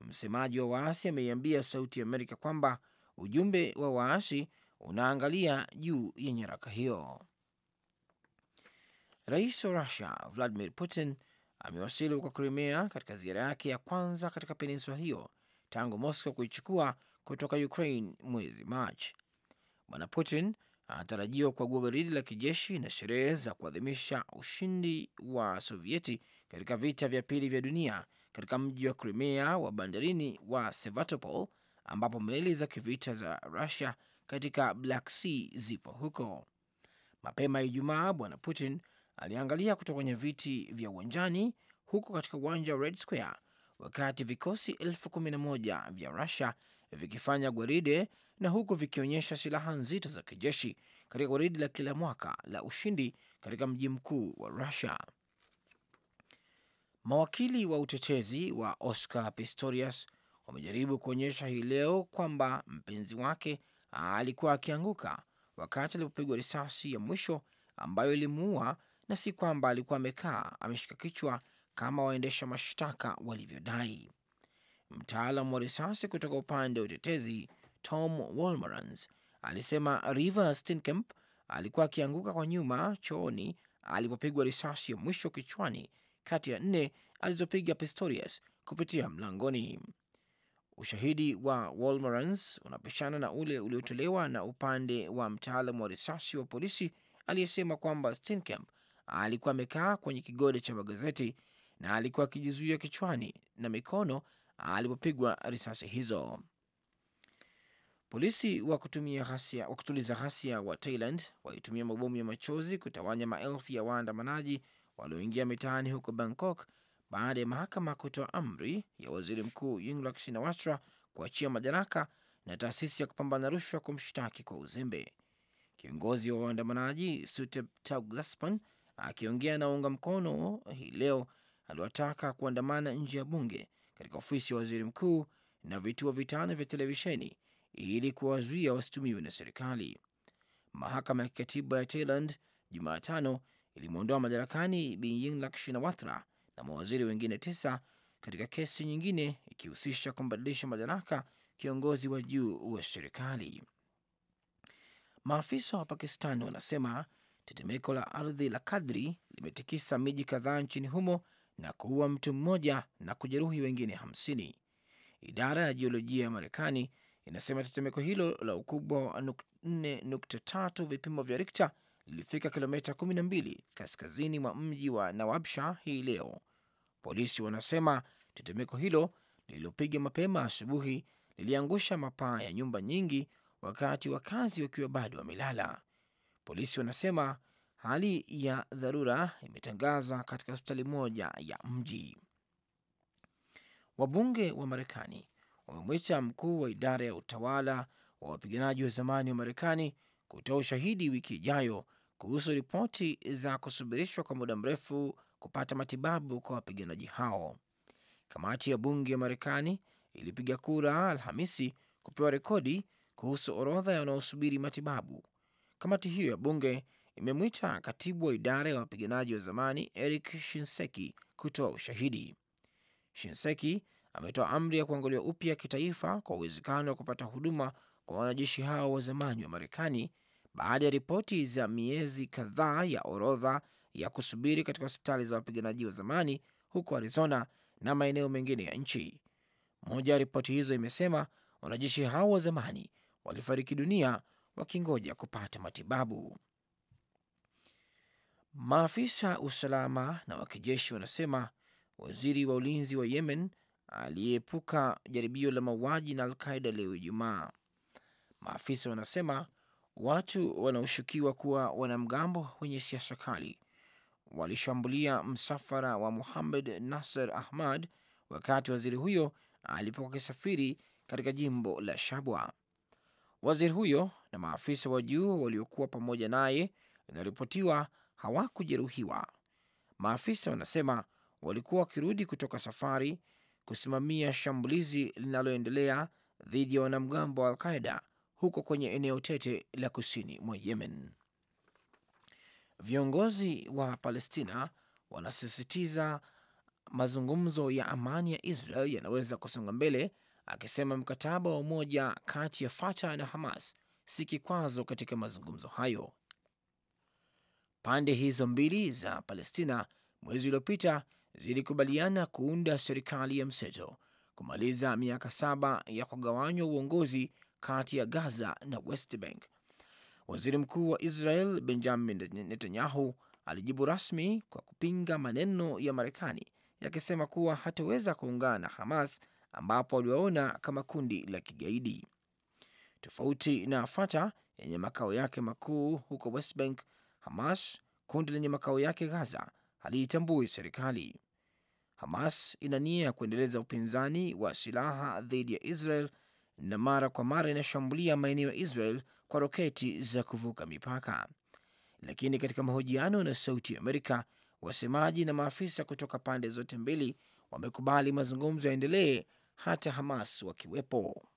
Msemaji wa waasi ameiambia Sauti ya Amerika kwamba ujumbe wa waasi unaangalia juu ya nyaraka hiyo. Rais wa Rusia Vladimir Putin amewasili huko krimea katika ziara yake ya kwanza katika peninsula hiyo tangu Moscow kuichukua kutoka Ukraine mwezi Machi. Bwana Putin anatarajiwa kuagua garidi la kijeshi na sherehe za kuadhimisha ushindi wa Sovieti katika vita vya pili vya dunia katika mji wa Crimea wa bandarini wa Sevastopol ambapo meli za kivita za Rusia katika Black Sea zipo huko. Mapema Ijumaa, Bwana Putin aliangalia kutoka kwenye viti vya uwanjani huko katika uwanja wa Red Square wakati vikosi elfu kumi na moja vya Rusia vikifanya gwaride na huku vikionyesha silaha nzito za kijeshi katika gwaridi la kila mwaka la ushindi katika mji mkuu wa Rusia. Mawakili wa utetezi wa Oscar Pistorius wamejaribu kuonyesha hii leo kwamba mpenzi wake alikuwa akianguka wakati alipopigwa risasi ya mwisho ambayo ilimuua na si kwamba alikuwa amekaa ameshika kichwa kama waendesha mashtaka walivyodai. Mtaalam wa risasi kutoka upande wa utetezi Tom Walmerans alisema river Steenkamp alikuwa akianguka kwa nyuma chooni alipopigwa risasi ya mwisho kichwani kati ya nne alizopiga Pistorius kupitia mlangoni. Ushahidi wa Walmerans unapishana na ule uliotolewa na upande wa mtaalamu wa risasi wa polisi aliyesema kwamba Steenkamp alikuwa amekaa kwenye kigode cha magazeti na alikuwa akijizuia kichwani na mikono alipopigwa risasi hizo. Polisi wa kutumia ghasia, wa kutuliza ghasia wa Thailand walitumia mabomu ya machozi kutawanya maelfu ya waandamanaji walioingia mitaani huko Bangkok baada ya mahakama kutoa amri ya waziri mkuu Yingluck Shinawatra kuachia madaraka na taasisi ya kupambana rushwa kumshtaki kwa uzembe. Kiongozi wa waandamanaji Sutep Taugsaspan akiongea na waunga mkono hii leo aliwataka kuandamana nje ya bunge katika ofisi ya waziri mkuu na vituo vitano vya televisheni ili kuwazuia wasitumiwe na serikali. Mahakama ya kikatiba ya Thailand Jumatano ilimwondoa madarakani Binying Lak Shinawatra na mawaziri wengine tisa katika kesi nyingine ikihusisha kumbadilisha madaraka kiongozi wa juu wa serikali. Maafisa wa Pakistani wanasema tetemeko la ardhi la kadri limetikisa miji kadhaa nchini humo na kuua mtu mmoja na kujeruhi wengine hamsini. Idara ya jiolojia ya Marekani inasema tetemeko hilo la ukubwa wa 4.3 vipimo vya Rikta lilifika kilomita 12 kaskazini mwa mji wa Nawabsha hii leo. Polisi wanasema tetemeko hilo lililopiga mapema asubuhi liliangusha mapaa ya nyumba nyingi, wakati wakazi wakiwa bado wamelala. Polisi wanasema hali ya dharura imetangazwa katika hospitali moja ya mji. Wabunge wa Marekani wamemwita mkuu wa idara ya utawala wa wapiganaji wa zamani wa Marekani kutoa ushahidi wiki ijayo kuhusu ripoti za kusubirishwa kwa muda mrefu kupata matibabu kwa wapiganaji hao. Kamati ya bunge ya Marekani ilipiga kura Alhamisi kupewa rekodi kuhusu orodha ya wanaosubiri matibabu. Kamati hiyo ya bunge imemwita katibu wa idara ya wapiganaji wa zamani Eric Shinseki kutoa ushahidi. Shinseki ametoa amri ya kuangaliwa upya kitaifa kwa uwezekano wa kupata huduma kwa wanajeshi hao wa zamani wa Marekani baada ya ripoti za miezi kadhaa ya orodha ya kusubiri katika hospitali za wapiganaji wa zamani huko Arizona na maeneo mengine ya nchi. Moja ya ripoti hizo imesema wanajeshi hao wa zamani walifariki dunia wakingoja kupata matibabu. Maafisa usalama na wakijeshi wanasema waziri wa ulinzi wa Yemen aliyeepuka jaribio la mauaji na Alqaida leo Ijumaa. Maafisa wanasema watu wanaoshukiwa kuwa wanamgambo wenye siasa kali walishambulia msafara wa Muhamed Nasser Ahmad wakati waziri huyo alipokuwa akisafiri katika jimbo la Shabwa. Waziri huyo na maafisa wa juu waliokuwa pamoja naye, inaripotiwa hawakujeruhiwa. Maafisa wanasema walikuwa wakirudi kutoka safari kusimamia shambulizi linaloendelea dhidi ya wanamgambo wa Alqaida huko kwenye eneo tete la kusini mwa Yemen. Viongozi wa Palestina wanasisitiza mazungumzo ya amani ya Israel yanaweza kusonga mbele, akisema mkataba wa umoja kati ya Fatah na Hamas si kikwazo katika mazungumzo hayo. Pande hizo mbili za Palestina mwezi uliopita zilikubaliana kuunda serikali ya mseto, kumaliza miaka saba ya kugawanywa uongozi kati ya Gaza na West Bank. Waziri mkuu wa Israel Benjamin Netanyahu alijibu rasmi kwa kupinga maneno ya Marekani yakisema kuwa hataweza kuungana na Hamas ambapo aliwaona kama kundi la kigaidi. Tofauti na Fatah yenye makao yake makuu huko West Bank, Hamas, kundi lenye makao yake Gaza, haliitambui serikali. Hamas ina nia ya kuendeleza upinzani wa silaha dhidi ya Israel na mara kwa mara inashambulia maeneo ya Israel kwa roketi za kuvuka mipaka. Lakini katika mahojiano na Sauti ya Amerika, wasemaji na maafisa kutoka pande zote mbili wamekubali mazungumzo yaendelee hata Hamas wakiwepo.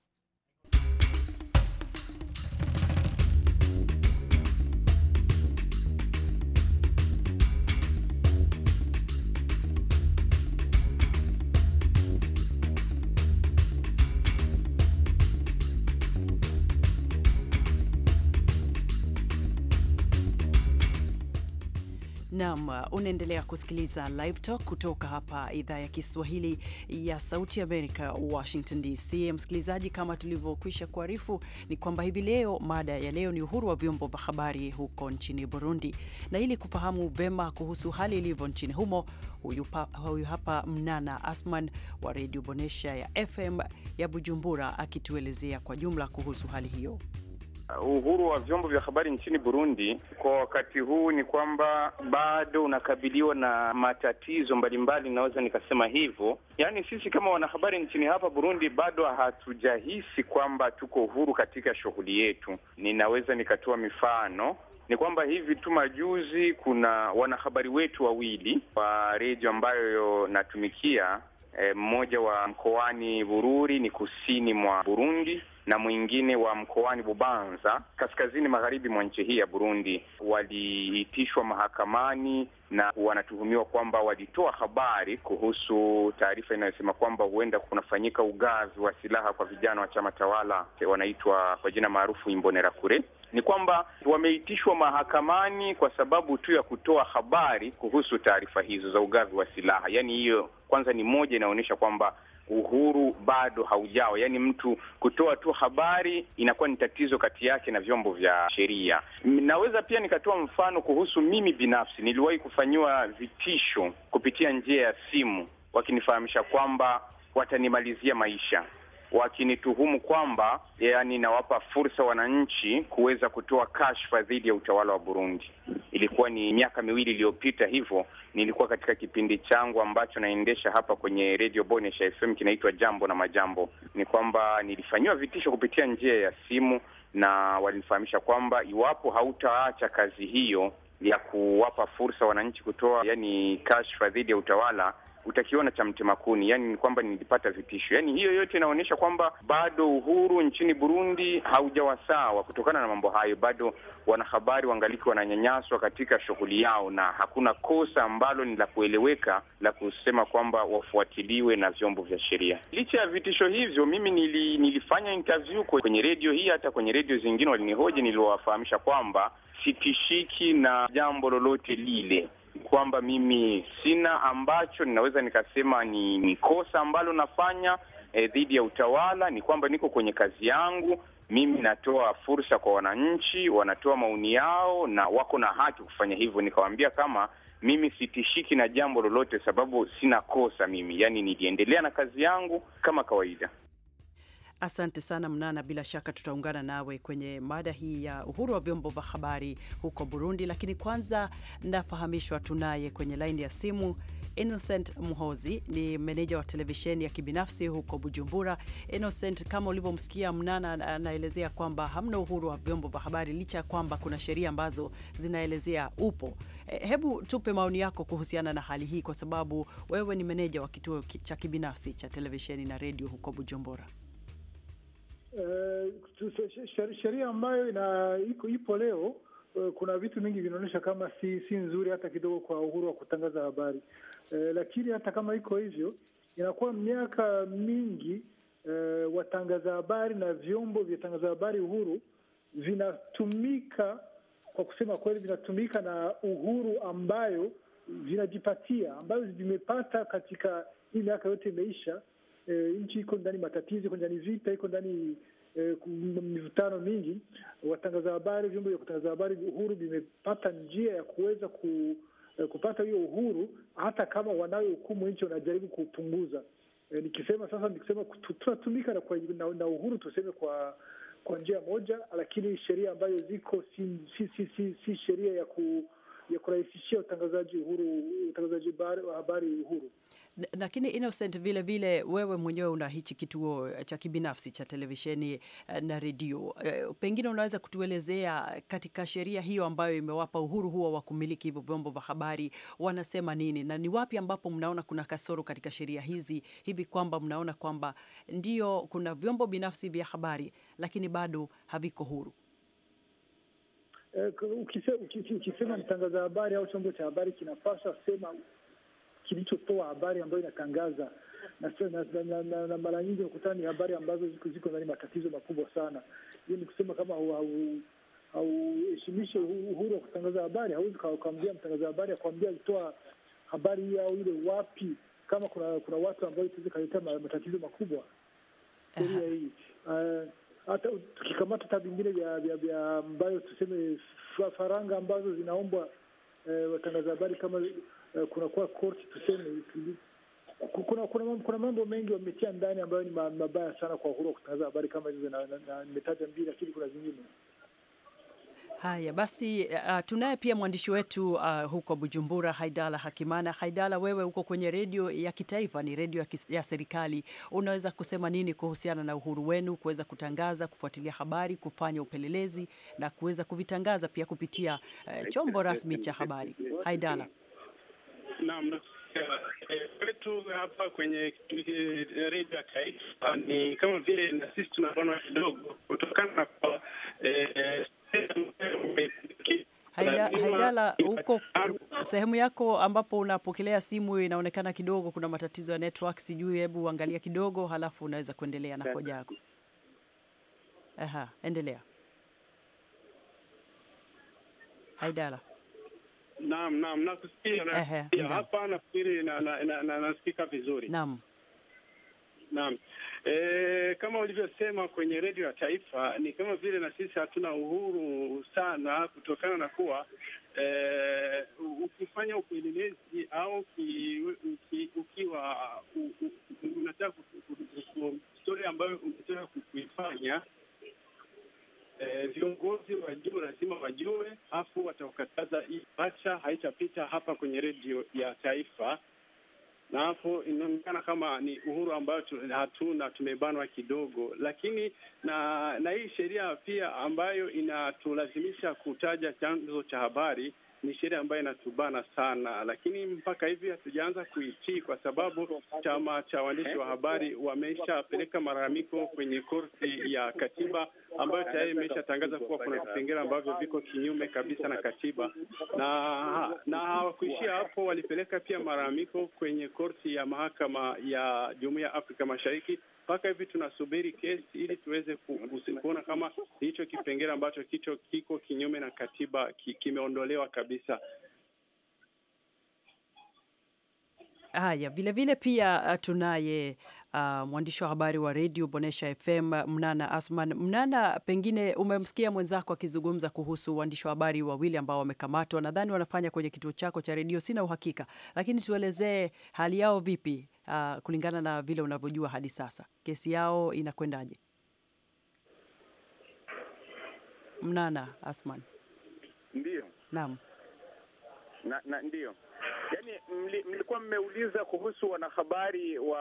nam unaendelea kusikiliza Live Talk kutoka hapa idhaa ya Kiswahili ya Sauti Amerika, Washington DC. Msikilizaji, kama tulivyokwisha kuarifu ni kwamba hivi leo mada ya leo ni uhuru wa vyombo vya habari huko nchini Burundi, na ili kufahamu vema kuhusu hali ilivyo nchini humo, huyu, pa, huyu hapa Mnana Asman wa Redio Bonesha ya FM ya Bujumbura akituelezea kwa jumla kuhusu hali hiyo. Uh, uhuru wa vyombo vya habari nchini Burundi kwa wakati huu ni kwamba bado unakabiliwa na matatizo mbalimbali, naweza nikasema hivyo. Yaani sisi kama wanahabari nchini hapa Burundi bado hatujahisi kwamba tuko uhuru katika shughuli yetu. Ninaweza nikatoa mifano ni kwamba hivi tu majuzi kuna wanahabari wetu wawili wa redio ambayo natumikia, eh, mmoja e, wa mkoani Bururi ni kusini mwa Burundi na mwingine wa mkoani Bubanza kaskazini magharibi mwa nchi hii ya Burundi waliitishwa mahakamani na wanatuhumiwa kwamba walitoa habari kuhusu taarifa inayosema kwamba huenda kunafanyika ugavi wa silaha kwa vijana wa chama tawala wanaitwa kwa jina maarufu Imbonerakure. Ni kwamba wameitishwa mahakamani kwa sababu tu ya kutoa habari kuhusu taarifa hizo za ugavi wa silaha. Yaani hiyo kwanza ni moja inaonyesha kwamba uhuru bado haujawa, yaani mtu kutoa tu habari inakuwa ni tatizo kati yake na vyombo vya sheria. Naweza pia nikatoa mfano kuhusu mimi binafsi, niliwahi kufanyiwa vitisho kupitia njia ya simu, wakinifahamisha kwamba watanimalizia maisha wakinituhumu kwamba yani nawapa fursa wananchi kuweza kutoa kashfa dhidi ya utawala wa Burundi. Ilikuwa ni miaka miwili iliyopita hivyo, nilikuwa katika kipindi changu ambacho naendesha hapa kwenye Radio Bonesha FM kinaitwa Jambo na Majambo. Ni kwamba nilifanyiwa vitisho kupitia njia ya simu na walinifahamisha kwamba iwapo hautaacha kazi hiyo ya kuwapa fursa wananchi kutoa yani kashfa dhidi ya utawala utakiona cha mtemakuni yani ni kwamba nilipata vitisho. Yani hiyo yote inaonyesha kwamba bado uhuru nchini Burundi haujawa sawa. Kutokana na mambo hayo, bado wanahabari wangaliki wananyanyaswa katika shughuli yao, na hakuna kosa ambalo ni la kueleweka la kusema kwamba wafuatiliwe na vyombo vya sheria. Licha ya vitisho hivyo, mimi nili, nilifanya interview kwenye redio hii, hata kwenye redio zingine walinihoji, niliwafahamisha kwamba sitishiki na jambo lolote lile kwamba mimi sina ambacho ninaweza nikasema ni, ni kosa ambalo nafanya e, dhidi ya utawala. Ni kwamba niko kwenye kazi yangu, mimi natoa fursa kwa wananchi, wanatoa maoni yao na wako na haki kufanya hivyo. Nikawaambia kama mimi sitishiki na jambo lolote, sababu sina kosa mimi, yaani niliendelea na kazi yangu kama kawaida. Asante sana Mnana, bila shaka tutaungana nawe kwenye mada hii ya uhuru wa vyombo vya habari huko Burundi, lakini kwanza nafahamishwa tunaye kwenye laini ya simu Innocent Mhozi ni meneja wa televisheni ya kibinafsi huko Bujumbura. Innocent, kama ulivyomsikia Mnana anaelezea kwamba hamna uhuru wa vyombo vya habari licha ya kwamba kuna sheria ambazo zinaelezea upo. E, hebu tupe maoni yako kuhusiana na hali hii, kwa sababu wewe ni meneja wa kituo cha kibinafsi cha televisheni na redio huko Bujumbura. Uh, sheria ambayo ina iko ipo leo eh, kuna vitu vingi vinaonyesha kama si si nzuri hata kidogo kwa uhuru wa kutangaza habari uh, lakini hata kama iko hivyo inakuwa miaka mingi uh, watangaza habari na vyombo vya tangaza habari uhuru vinatumika kwa kusema kweli, vinatumika na uhuru ambayo vinajipatia ambayo vimepata katika hii miaka yote imeisha e, nchi iko ndani matatizo, iko ndani vita, iko ndani e, mivutano mingi. Watangaza habari, vyombo vya kutangaza habari uhuru vimepata njia ya kuweza ku, e, kupata hiyo uhuru, hata kama hukumu nchi wanajaribu kupunguza. E, nikisema sasa, nikisema tunatumika na, na, na uhuru tuseme kwa kwa njia moja, lakini sheria ambayo ziko si, si, si, si, si sheria ya ku ya kurahisishia utangazaji uhuru utangazaji habari uhuru. Lakini Innocent, vile vile wewe mwenyewe una hichi kituo eh, cha kibinafsi cha televisheni eh, na redio, eh, pengine unaweza kutuelezea katika sheria hiyo ambayo imewapa uhuru huo wa kumiliki hivyo vyombo vya habari, wanasema nini na ni wapi ambapo mnaona kuna kasoro katika sheria hizi, hivi kwamba mnaona kwamba ndio kuna vyombo binafsi vya habari lakini bado haviko huru? Ukisema mtangaza habari au chombo cha habari kinapaswa sema kilichotoa habari ambayo inatangaza na, na, na, na, na na mara nyingi nakutana ni habari ambazo ziko ziko ndani matatizo makubwa sana. Hiyo ni kusema kama hauheshimishi uhuru wa kutangaza habari, hauwezi ukamwambia mtangaza habari akuambia alitoa habari hii au ile wapi, kama kuna kuna watu ambao itaweza kaleta matatizo makubwa sheria hii eh, hata uh, tukikamata hata vingine vya ambayo tuseme faranga ambazo zinaombwa eh, watangaza habari kama Eh, kunakuwa court tuseme, kuna kuna, kuna mambo mengi wametia ndani ambayo ni mabaya sana kwa uhuru wa kutangaza habari kama hizo, na nimetaja mbili, lakini kuna zingine. Haya basi, uh, tunaye pia mwandishi wetu uh, huko Bujumbura, Haidala Hakimana. Haidala, wewe uko kwenye redio ya kitaifa, ni redio ya, ya serikali. Unaweza kusema nini kuhusiana na uhuru wenu kuweza kutangaza, kufuatilia habari, kufanya upelelezi na kuweza kuvitangaza pia kupitia uh, chombo rasmi cha habari? Haidala. Naam, eh, kwetu hapa kwenye eh, redio ya taifa ah, ni kama vile na sisi tunaona kidogo kutokana na kwa eh, Haidala, huko sehemu yako ambapo unapokelea simu inaonekana kidogo kuna matatizo ya network, sijui. Hebu uangalia kidogo, halafu unaweza kuendelea na hoja yako. Aha, endelea Haidala. Naam, naam, nakusikia na hapa nafikiri na, na, na, nasikika vizuri. Naam. Naam. E, kama ulivyosema kwenye redio ya taifa ni kama vile na sisi hatuna uhuru sana kutokana na kuwa e, ukifanya upelelezi au ukiwa unataka story ambayo unataka kuifanya Eh, viongozi wa juu lazima wajue, afu watakataza hii pacha haitapita hapa kwenye redio ya taifa, na hapo inaonekana kama ni uhuru ambayo hatuna, tumebanwa kidogo. Lakini na na hii sheria pia ambayo inatulazimisha kutaja chanzo cha habari ni sheria ambayo inatubana sana, lakini mpaka hivi hatujaanza kuitii, kwa sababu chama cha waandishi wa habari wameshapeleka malalamiko kwenye korti ya katiba ambayo tayari imeshatangaza kuwa kuna vipengele ambavyo viko kinyume kabisa na katiba, na na hawakuishia hapo, walipeleka pia malalamiko kwenye korti ya mahakama ya Jumuiya ya Afrika Mashariki. Mpaka hivi tunasubiri kesi ili tuweze kuona kama hicho kipengele ambacho kicho kiko kinyume na katiba kimeondolewa kabisa. Haya, vilevile pia uh, tunaye uh, mwandishi wa habari wa redio Bonesha FM Mnana Asman. Mnana, pengine umemsikia mwenzako akizungumza kuhusu waandishi wa habari wawili ambao wamekamatwa, nadhani wanafanya kwenye kituo chako cha redio, sina uhakika, lakini tuelezee hali yao vipi, uh, kulingana na vile unavyojua hadi sasa, kesi yao inakwendaje? Mnana Asman. Ndiyo. Naam na, na ndio yani mlikuwa mmeuliza kuhusu wanahabari wa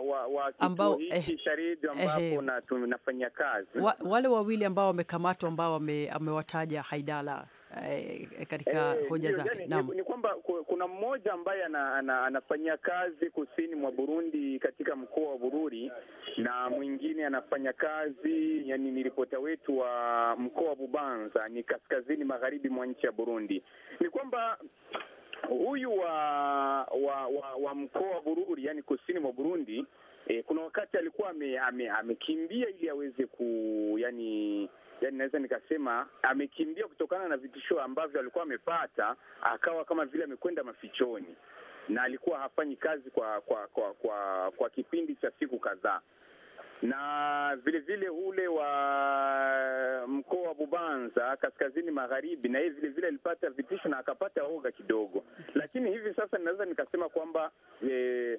wa, wa ambao eh, Sharidi eh, ambapo eh, na tunafanya kazi wa, wale wawili ambao wamekamatwa ambao amewataja Haidala eh, katika eh, hoja zake naam, ni kwamba kuna mmoja ambaye anafanyia ana, kazi kusini mwa Burundi katika mkoa wa Bururi na mwingine anafanya kazi yani, ni ripota wetu wa mkoa wa Bubanza, ni kaskazini magharibi mwa nchi ya Burundi. Ni kwamba huyu wa wa wa, wa mkoa wa Bururi yani kusini mwa Burundi eh, kuna wakati alikuwa amekimbia ame, ame ili aweze ku yani yani naweza nikasema amekimbia kutokana na vitisho ambavyo alikuwa amepata, akawa kama vile amekwenda mafichoni na alikuwa hafanyi kazi kwa kwa kwa kwa, kwa kipindi cha siku kadhaa na vile vile ule wa mkoa wa Bubanza kaskazini magharibi, na yeye vile vile alipata vitisho na akapata oga kidogo, lakini hivi sasa ninaweza nikasema kwamba e,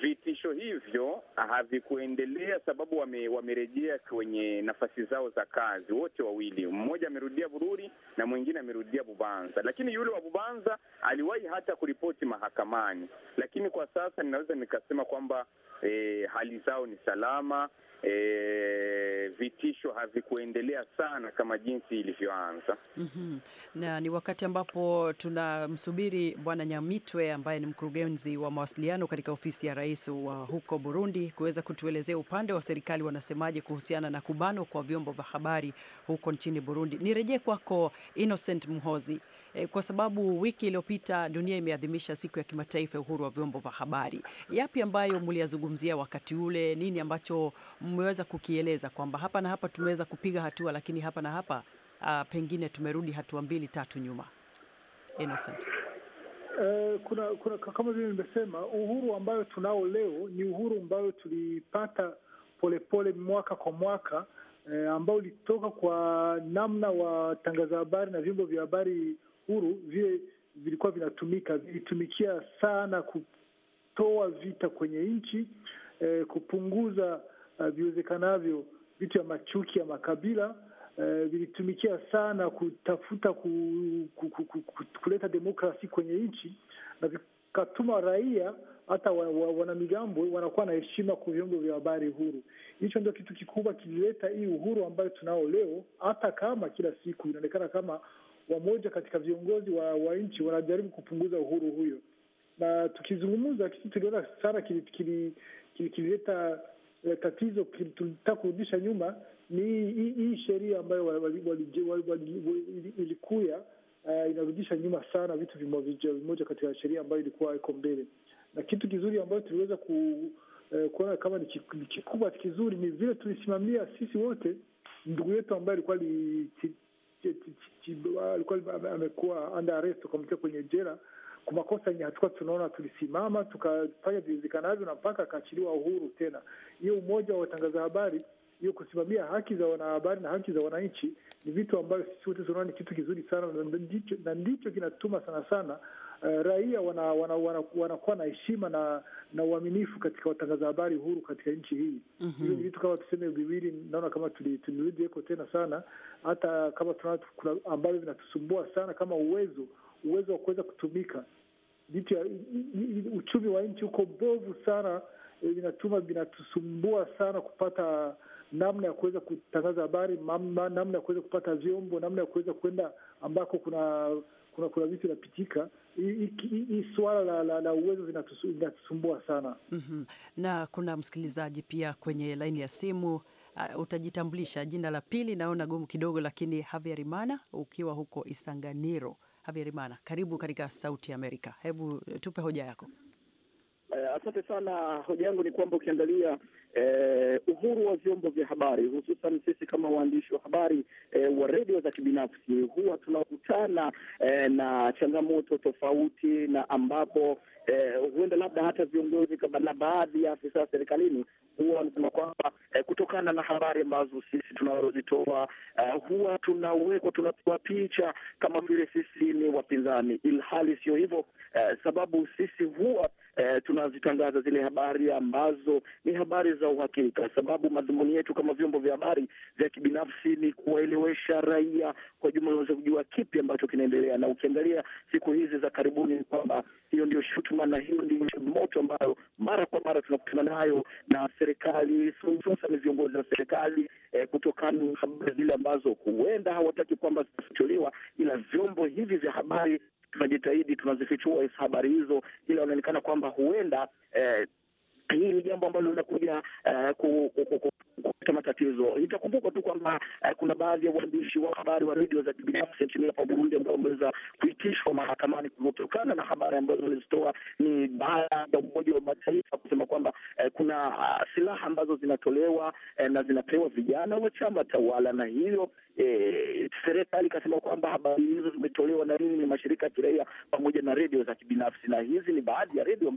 Vitisho hivyo havikuendelea sababu wamerejea wame kwenye nafasi zao za kazi wote wawili, mmoja amerudia Bururi na mwingine amerudia Bubanza, lakini yule wa Bubanza aliwahi hata kuripoti mahakamani, lakini kwa sasa ninaweza nikasema kwamba e, hali zao ni salama e, vitisho havikuendelea sana kama jinsi ilivyoanza. mm -hmm. Na ni wakati ambapo tunamsubiri Bwana Nyamitwe ambaye ni mkurugenzi wa mawasiliano katika ofisi ya rais wa huko Burundi kuweza kutuelezea upande wa serikali wanasemaje kuhusiana na kubanwa kwa vyombo vya habari huko nchini Burundi. Nirejee kwako Innocent Mhozi e, kwa sababu wiki iliyopita dunia imeadhimisha siku ya kimataifa ya uhuru wa vyombo vya habari. Yapi ambayo mliyazungumzia wakati ule? Nini ambacho mmeweza kukieleza kwamba hapa na hapa tumeweza kupiga hatua, lakini hapa na hapa a, ah, pengine tumerudi hatua mbili tatu nyuma? Innocent. Uh, kuna, kuna kama vile nimesema, uhuru ambayo tunao leo ni uhuru ambayo tulipata polepole pole, mwaka kwa mwaka eh, ambao ulitoka kwa namna watangaza habari na vyombo vya habari huru vile vilikuwa vinatumika vilitumikia sana kutoa vita kwenye nchi e, kupunguza uh, viwezekanavyo vitu ya machuki ya makabila e, vilitumikia sana kutafuta ku, ku, ku, ku, ku, kuleta demokrasi kwenye nchi na vikatuma raia hata wanamigambo wa, wa wanakuwa na heshima kwa vyombo vya habari huru. Hicho ndio kitu kikubwa kilileta hii uhuru ambayo tunao leo, hata kama kila siku inaonekana kama wamoja katika viongozi wa, wa nchi wanajaribu kupunguza uhuru huyo, na tukizungumza kitu tuliona sana kilileta kili, kili, kili eh, tatizo tulitaka kurudisha nyuma ni hii sheria ambayo ilikuya uh, inarudisha nyuma sana vitu vimoja katika sheria ambayo ilikuwa iko mbele, na kitu kizuri ambayo tuliweza ku, uh, kuona kama ni kikubwa kizuri ni vile tulisimamia sisi wote ndugu yetu ambaye alikuwa walikuwa amekuwa under arrest wakamtia kwenye jela kwa makosa yenye hatukuwa tunaona. Tulisimama tukafanya viwezekanavyo na mpaka akaachiliwa uhuru tena. Hiyo umoja wa watangaza habari, hiyo kusimamia haki za wanahabari na haki za wananchi ni vitu ambavyo sisi wote tunaona ni kitu kizuri sana, na ndicho kinatuma sana sana Eh, raia wanakuwa wana, wana, wana, wana na heshima na na uaminifu katika watangaza habari huru katika nchi hii. mm -hmm. Vitu kama tuseme viwili, naona kama tulirudi tena sana, hata kama tunaona ambavyo vinatusumbua sana kama uwezo uwezo wa kuweza kutumika vitu ya uchumi wa nchi uko mbovu sana, eh, vinatuma vinatusumbua sana kupata namna ya kuweza kutangaza habari, namna ya kuweza kupata vyombo, namna ya kuweza kwenda ambako kuna kuna kuna vitu vinapitika hii suala la, la, la uwezo zinatusumbua sana. mm -hmm. Na kuna msikilizaji pia kwenye laini ya simu. Uh, utajitambulisha jina la pili, naona gumu kidogo, lakini haviarimana ukiwa huko Isanganiro. Haviarimana, karibu katika Sauti Amerika, hebu eh, tupe hoja yako. Uh, asante sana. Hoja yangu ni kwamba ukiangalia eh, uhuru wa vyombo vya habari, hususan sisi kama waandishi wa habari eh, wa redio za kibinafsi huwa tunakutana eh, na changamoto tofauti, na ambapo eh, huenda labda hata viongozi na baadhi ya afisa serikalini huwa wanasema kwamba eh, kutokana na habari ambazo sisi tunazozitoa eh, huwa tunawekwa tunapewa picha kama vile sisi ni wapinzani, ilhali sio hivyo eh, sababu sisi huwa eh, tunazitangaza zile habari ambazo ni habari za uhakika, sababu madhumuni yetu kama vyombo vya habari vya kibinafsi ni kuwaelewesha raia kwa jumla, unaweza kujua kipi ambacho kinaendelea. Na ukiangalia siku hizi za karibuni, ni kwamba hiyo ndio shutuma na hiyo ndio moto ambayo mara kwa mara tunakutana nayo na serikali, hususan viongozi wa serikali eh, kutokana na habari zile ambazo huenda hawataki kwamba zitafichuliwa, ila vyombo hivi vya habari tunajitahidi tunazifichua habari hizo, ila inaonekana kwamba huenda eh, hii ni jambo ambalo linakuja eh, kupata matatizo. Itakumbuka tu kwamba eh, kuna baadhi ya waandishi wa habari wa redio za kibinafsi nchini hapa Burundi ambao wameweza kuitishwa mahakamani kutokana na habari ambazo walizitoa ni baada ya Umoja wa Mataifa kusema kwamba eh, kuna ah, silaha ambazo zinatolewa na zinapewa vijana wa chama tawala, na hiyo serikali ikasema kwamba habari hizo zimetolewa na nini ni mashirika ya kiraia pamoja na redio za kibinafsi, na hizi ni baadhi ya redio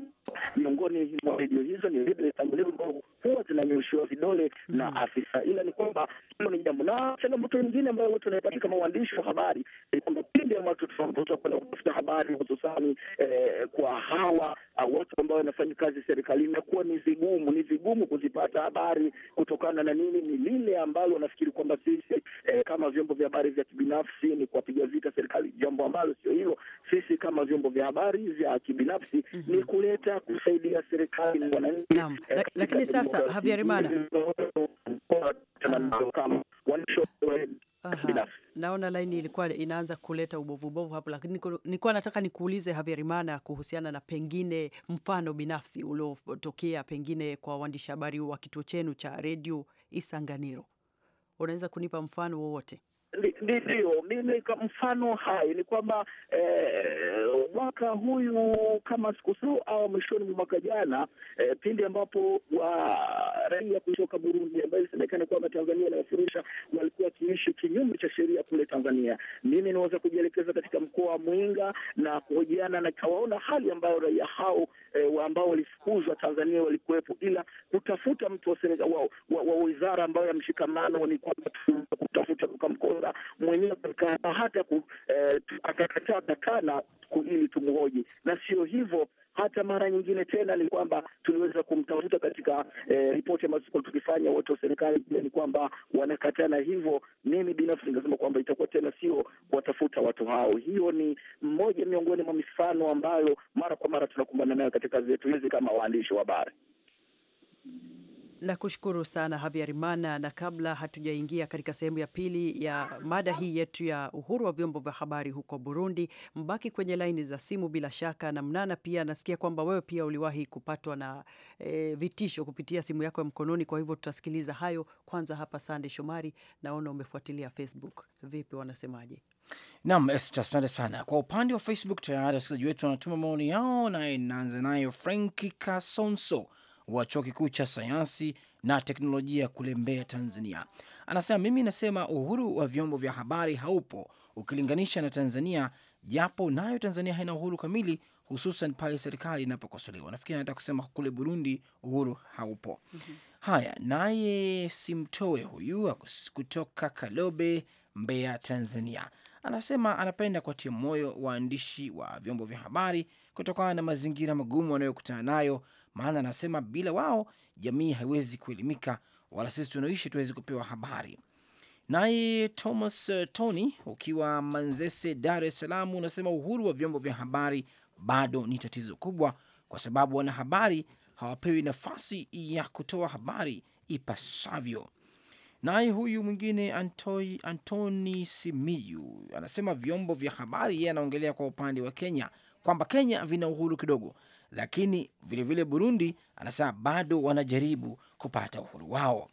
miongoni mwa redio hizi hizo ni zile tambulizo ambazo huwa zinanyoshiwa vidole mm. na afisa, ila ni kwamba hilo ni jambo. Na changamoto nyingine ambayo watu wanaipata kama waandishi wa habari ni kwamba pindi ambapo tunavutwa kwenda kutafuta habari hususani eh, kwa hawa ah, watu ambao wanafanya kazi serikalini, nakuwa ni vigumu, ni vigumu kuzipata habari kutokana na nini? Ni lile ambalo wanafikiri kwamba sisi eh, kama vyombo vya habari vya kibinafsi ni kuwapiga vita serikali, jambo ambalo sio hilo. Sisi kama vyombo vya habari vya kibinafsi mm -hmm. ni mm-hmm. kuleta kusaidia serikali wana Naam, lakini sasa Havyarimana Naona laini ilikuwa inaanza kuleta ubovu ubovu hapo, lakini nilikuwa nataka nikuulize Havyarimana kuhusiana na pengine mfano binafsi uliotokea pengine kwa waandishi habari wa kituo chenu cha redio Isanganiro, unaweza kunipa mfano wowote? Ndio, mimi mfano hai ni kwamba eh, mwaka huyu kama sikusahau, au mwishoni mwa mwaka jana e, pindi ambapo wa raia kutoka Burundi ambayo inasemekana kwamba Tanzania inawafurisha walikuwa wakiishi kinyume cha sheria kule Tanzania. Mimi niweza kujielekeza katika mkoa wa Mwinga na kuhojiana na kawaona hali ambayo raia hao e, ambao walifukuzwa Tanzania walikuwepo, ila kutafuta mtu wa wa wa, wa wizara ambayo ya mshikamano ni kwamba kutafuta tukamkosa mwenyewe hata ku, eh, akakataa takana ili tumhoji, na sio hivyo hata mara nyingine tena ni kwamba tuliweza kumtafuta katika eh, ripoti ambazo tukifanya wote wa serikali ni kwamba wanakatana hivyo mimi binafsi ningesema kwamba itakuwa tena sio kuwatafuta watu hao. Hiyo ni mmoja miongoni mwa mifano ambayo mara kwa mara tunakumbana nayo katika kazi zetu hizi kama waandishi wa habari. Nakushukuru sana Habyarimana, na kabla hatujaingia katika sehemu ya pili ya mada hii yetu ya uhuru wa vyombo vya habari huko Burundi, mbaki kwenye laini za simu bila shaka. Na Mnana, pia nasikia kwamba wewe pia uliwahi kupatwa na e, vitisho kupitia simu yako ya mkononi, kwa hivyo tutasikiliza hayo kwanza. Hapa Sande Shomari, naona umefuatilia Facebook, vipi, wanasemaje? nam Esther, asante sana. Kwa upande wa Facebook tayari wasikilizaji wetu wanatuma maoni yao, naye naanza nayo Franki Kasonso wa chuo kikuu cha sayansi na teknolojia kule Mbeya, Tanzania, anasema mimi nasema uhuru wa vyombo vya habari haupo ukilinganisha na Tanzania, japo nayo Tanzania haina uhuru kamili, hususan pale serikali inapokosolewa. Nafikiri anataka kusema kule Burundi uhuru haupo. mm -hmm. Haya, naye simtoe huyu kutoka Kalobe, Mbeya, Tanzania anasema anapenda kuwatia moyo waandishi wa vyombo vya habari kutokana na mazingira magumu wanayokutana nayo, maana anasema bila wao jamii haiwezi kuelimika, wala sisi tunaishi tuwezi kupewa habari. Naye Thomas eh, Tony ukiwa Manzese, Dar es Salaam, unasema uhuru wa vyombo vya habari bado ni tatizo kubwa, kwa sababu wanahabari hawapewi nafasi ya kutoa habari ipasavyo. Naye huyu mwingine Antoi, Antoni Simiyu anasema vyombo vya habari, yeye anaongelea kwa upande wa Kenya kwamba Kenya vina uhuru kidogo, lakini vilevile vile Burundi anasema bado wanajaribu kupata uhuru wao.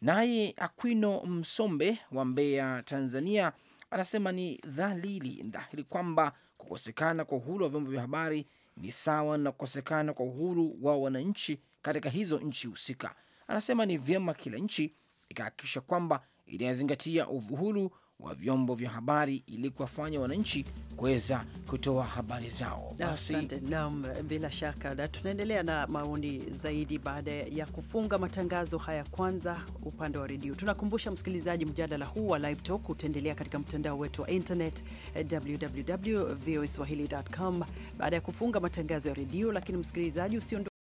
Naye Aquino Msombe wa Mbeya, Tanzania, anasema ni dhalili dhahiri kwamba kukosekana kwa uhuru wa vyombo vya habari ni sawa na kukosekana kwa uhuru wa wananchi katika hizo nchi husika. Anasema ni vyema kila nchi ikahakikisha kwamba inazingatia uhuru wa vyombo vya habari ili kuwafanya wananchi kuweza kutoa habari zao. Asante. Naam, bila shaka, na tunaendelea na maoni zaidi baada ya kufunga matangazo haya. Kwanza upande wa redio, tunakumbusha msikilizaji, mjadala huu wa Live Talk utaendelea katika mtandao wetu wa internet eh, www.voaswahili.com baada ya kufunga matangazo ya redio, lakini msikilizaji usio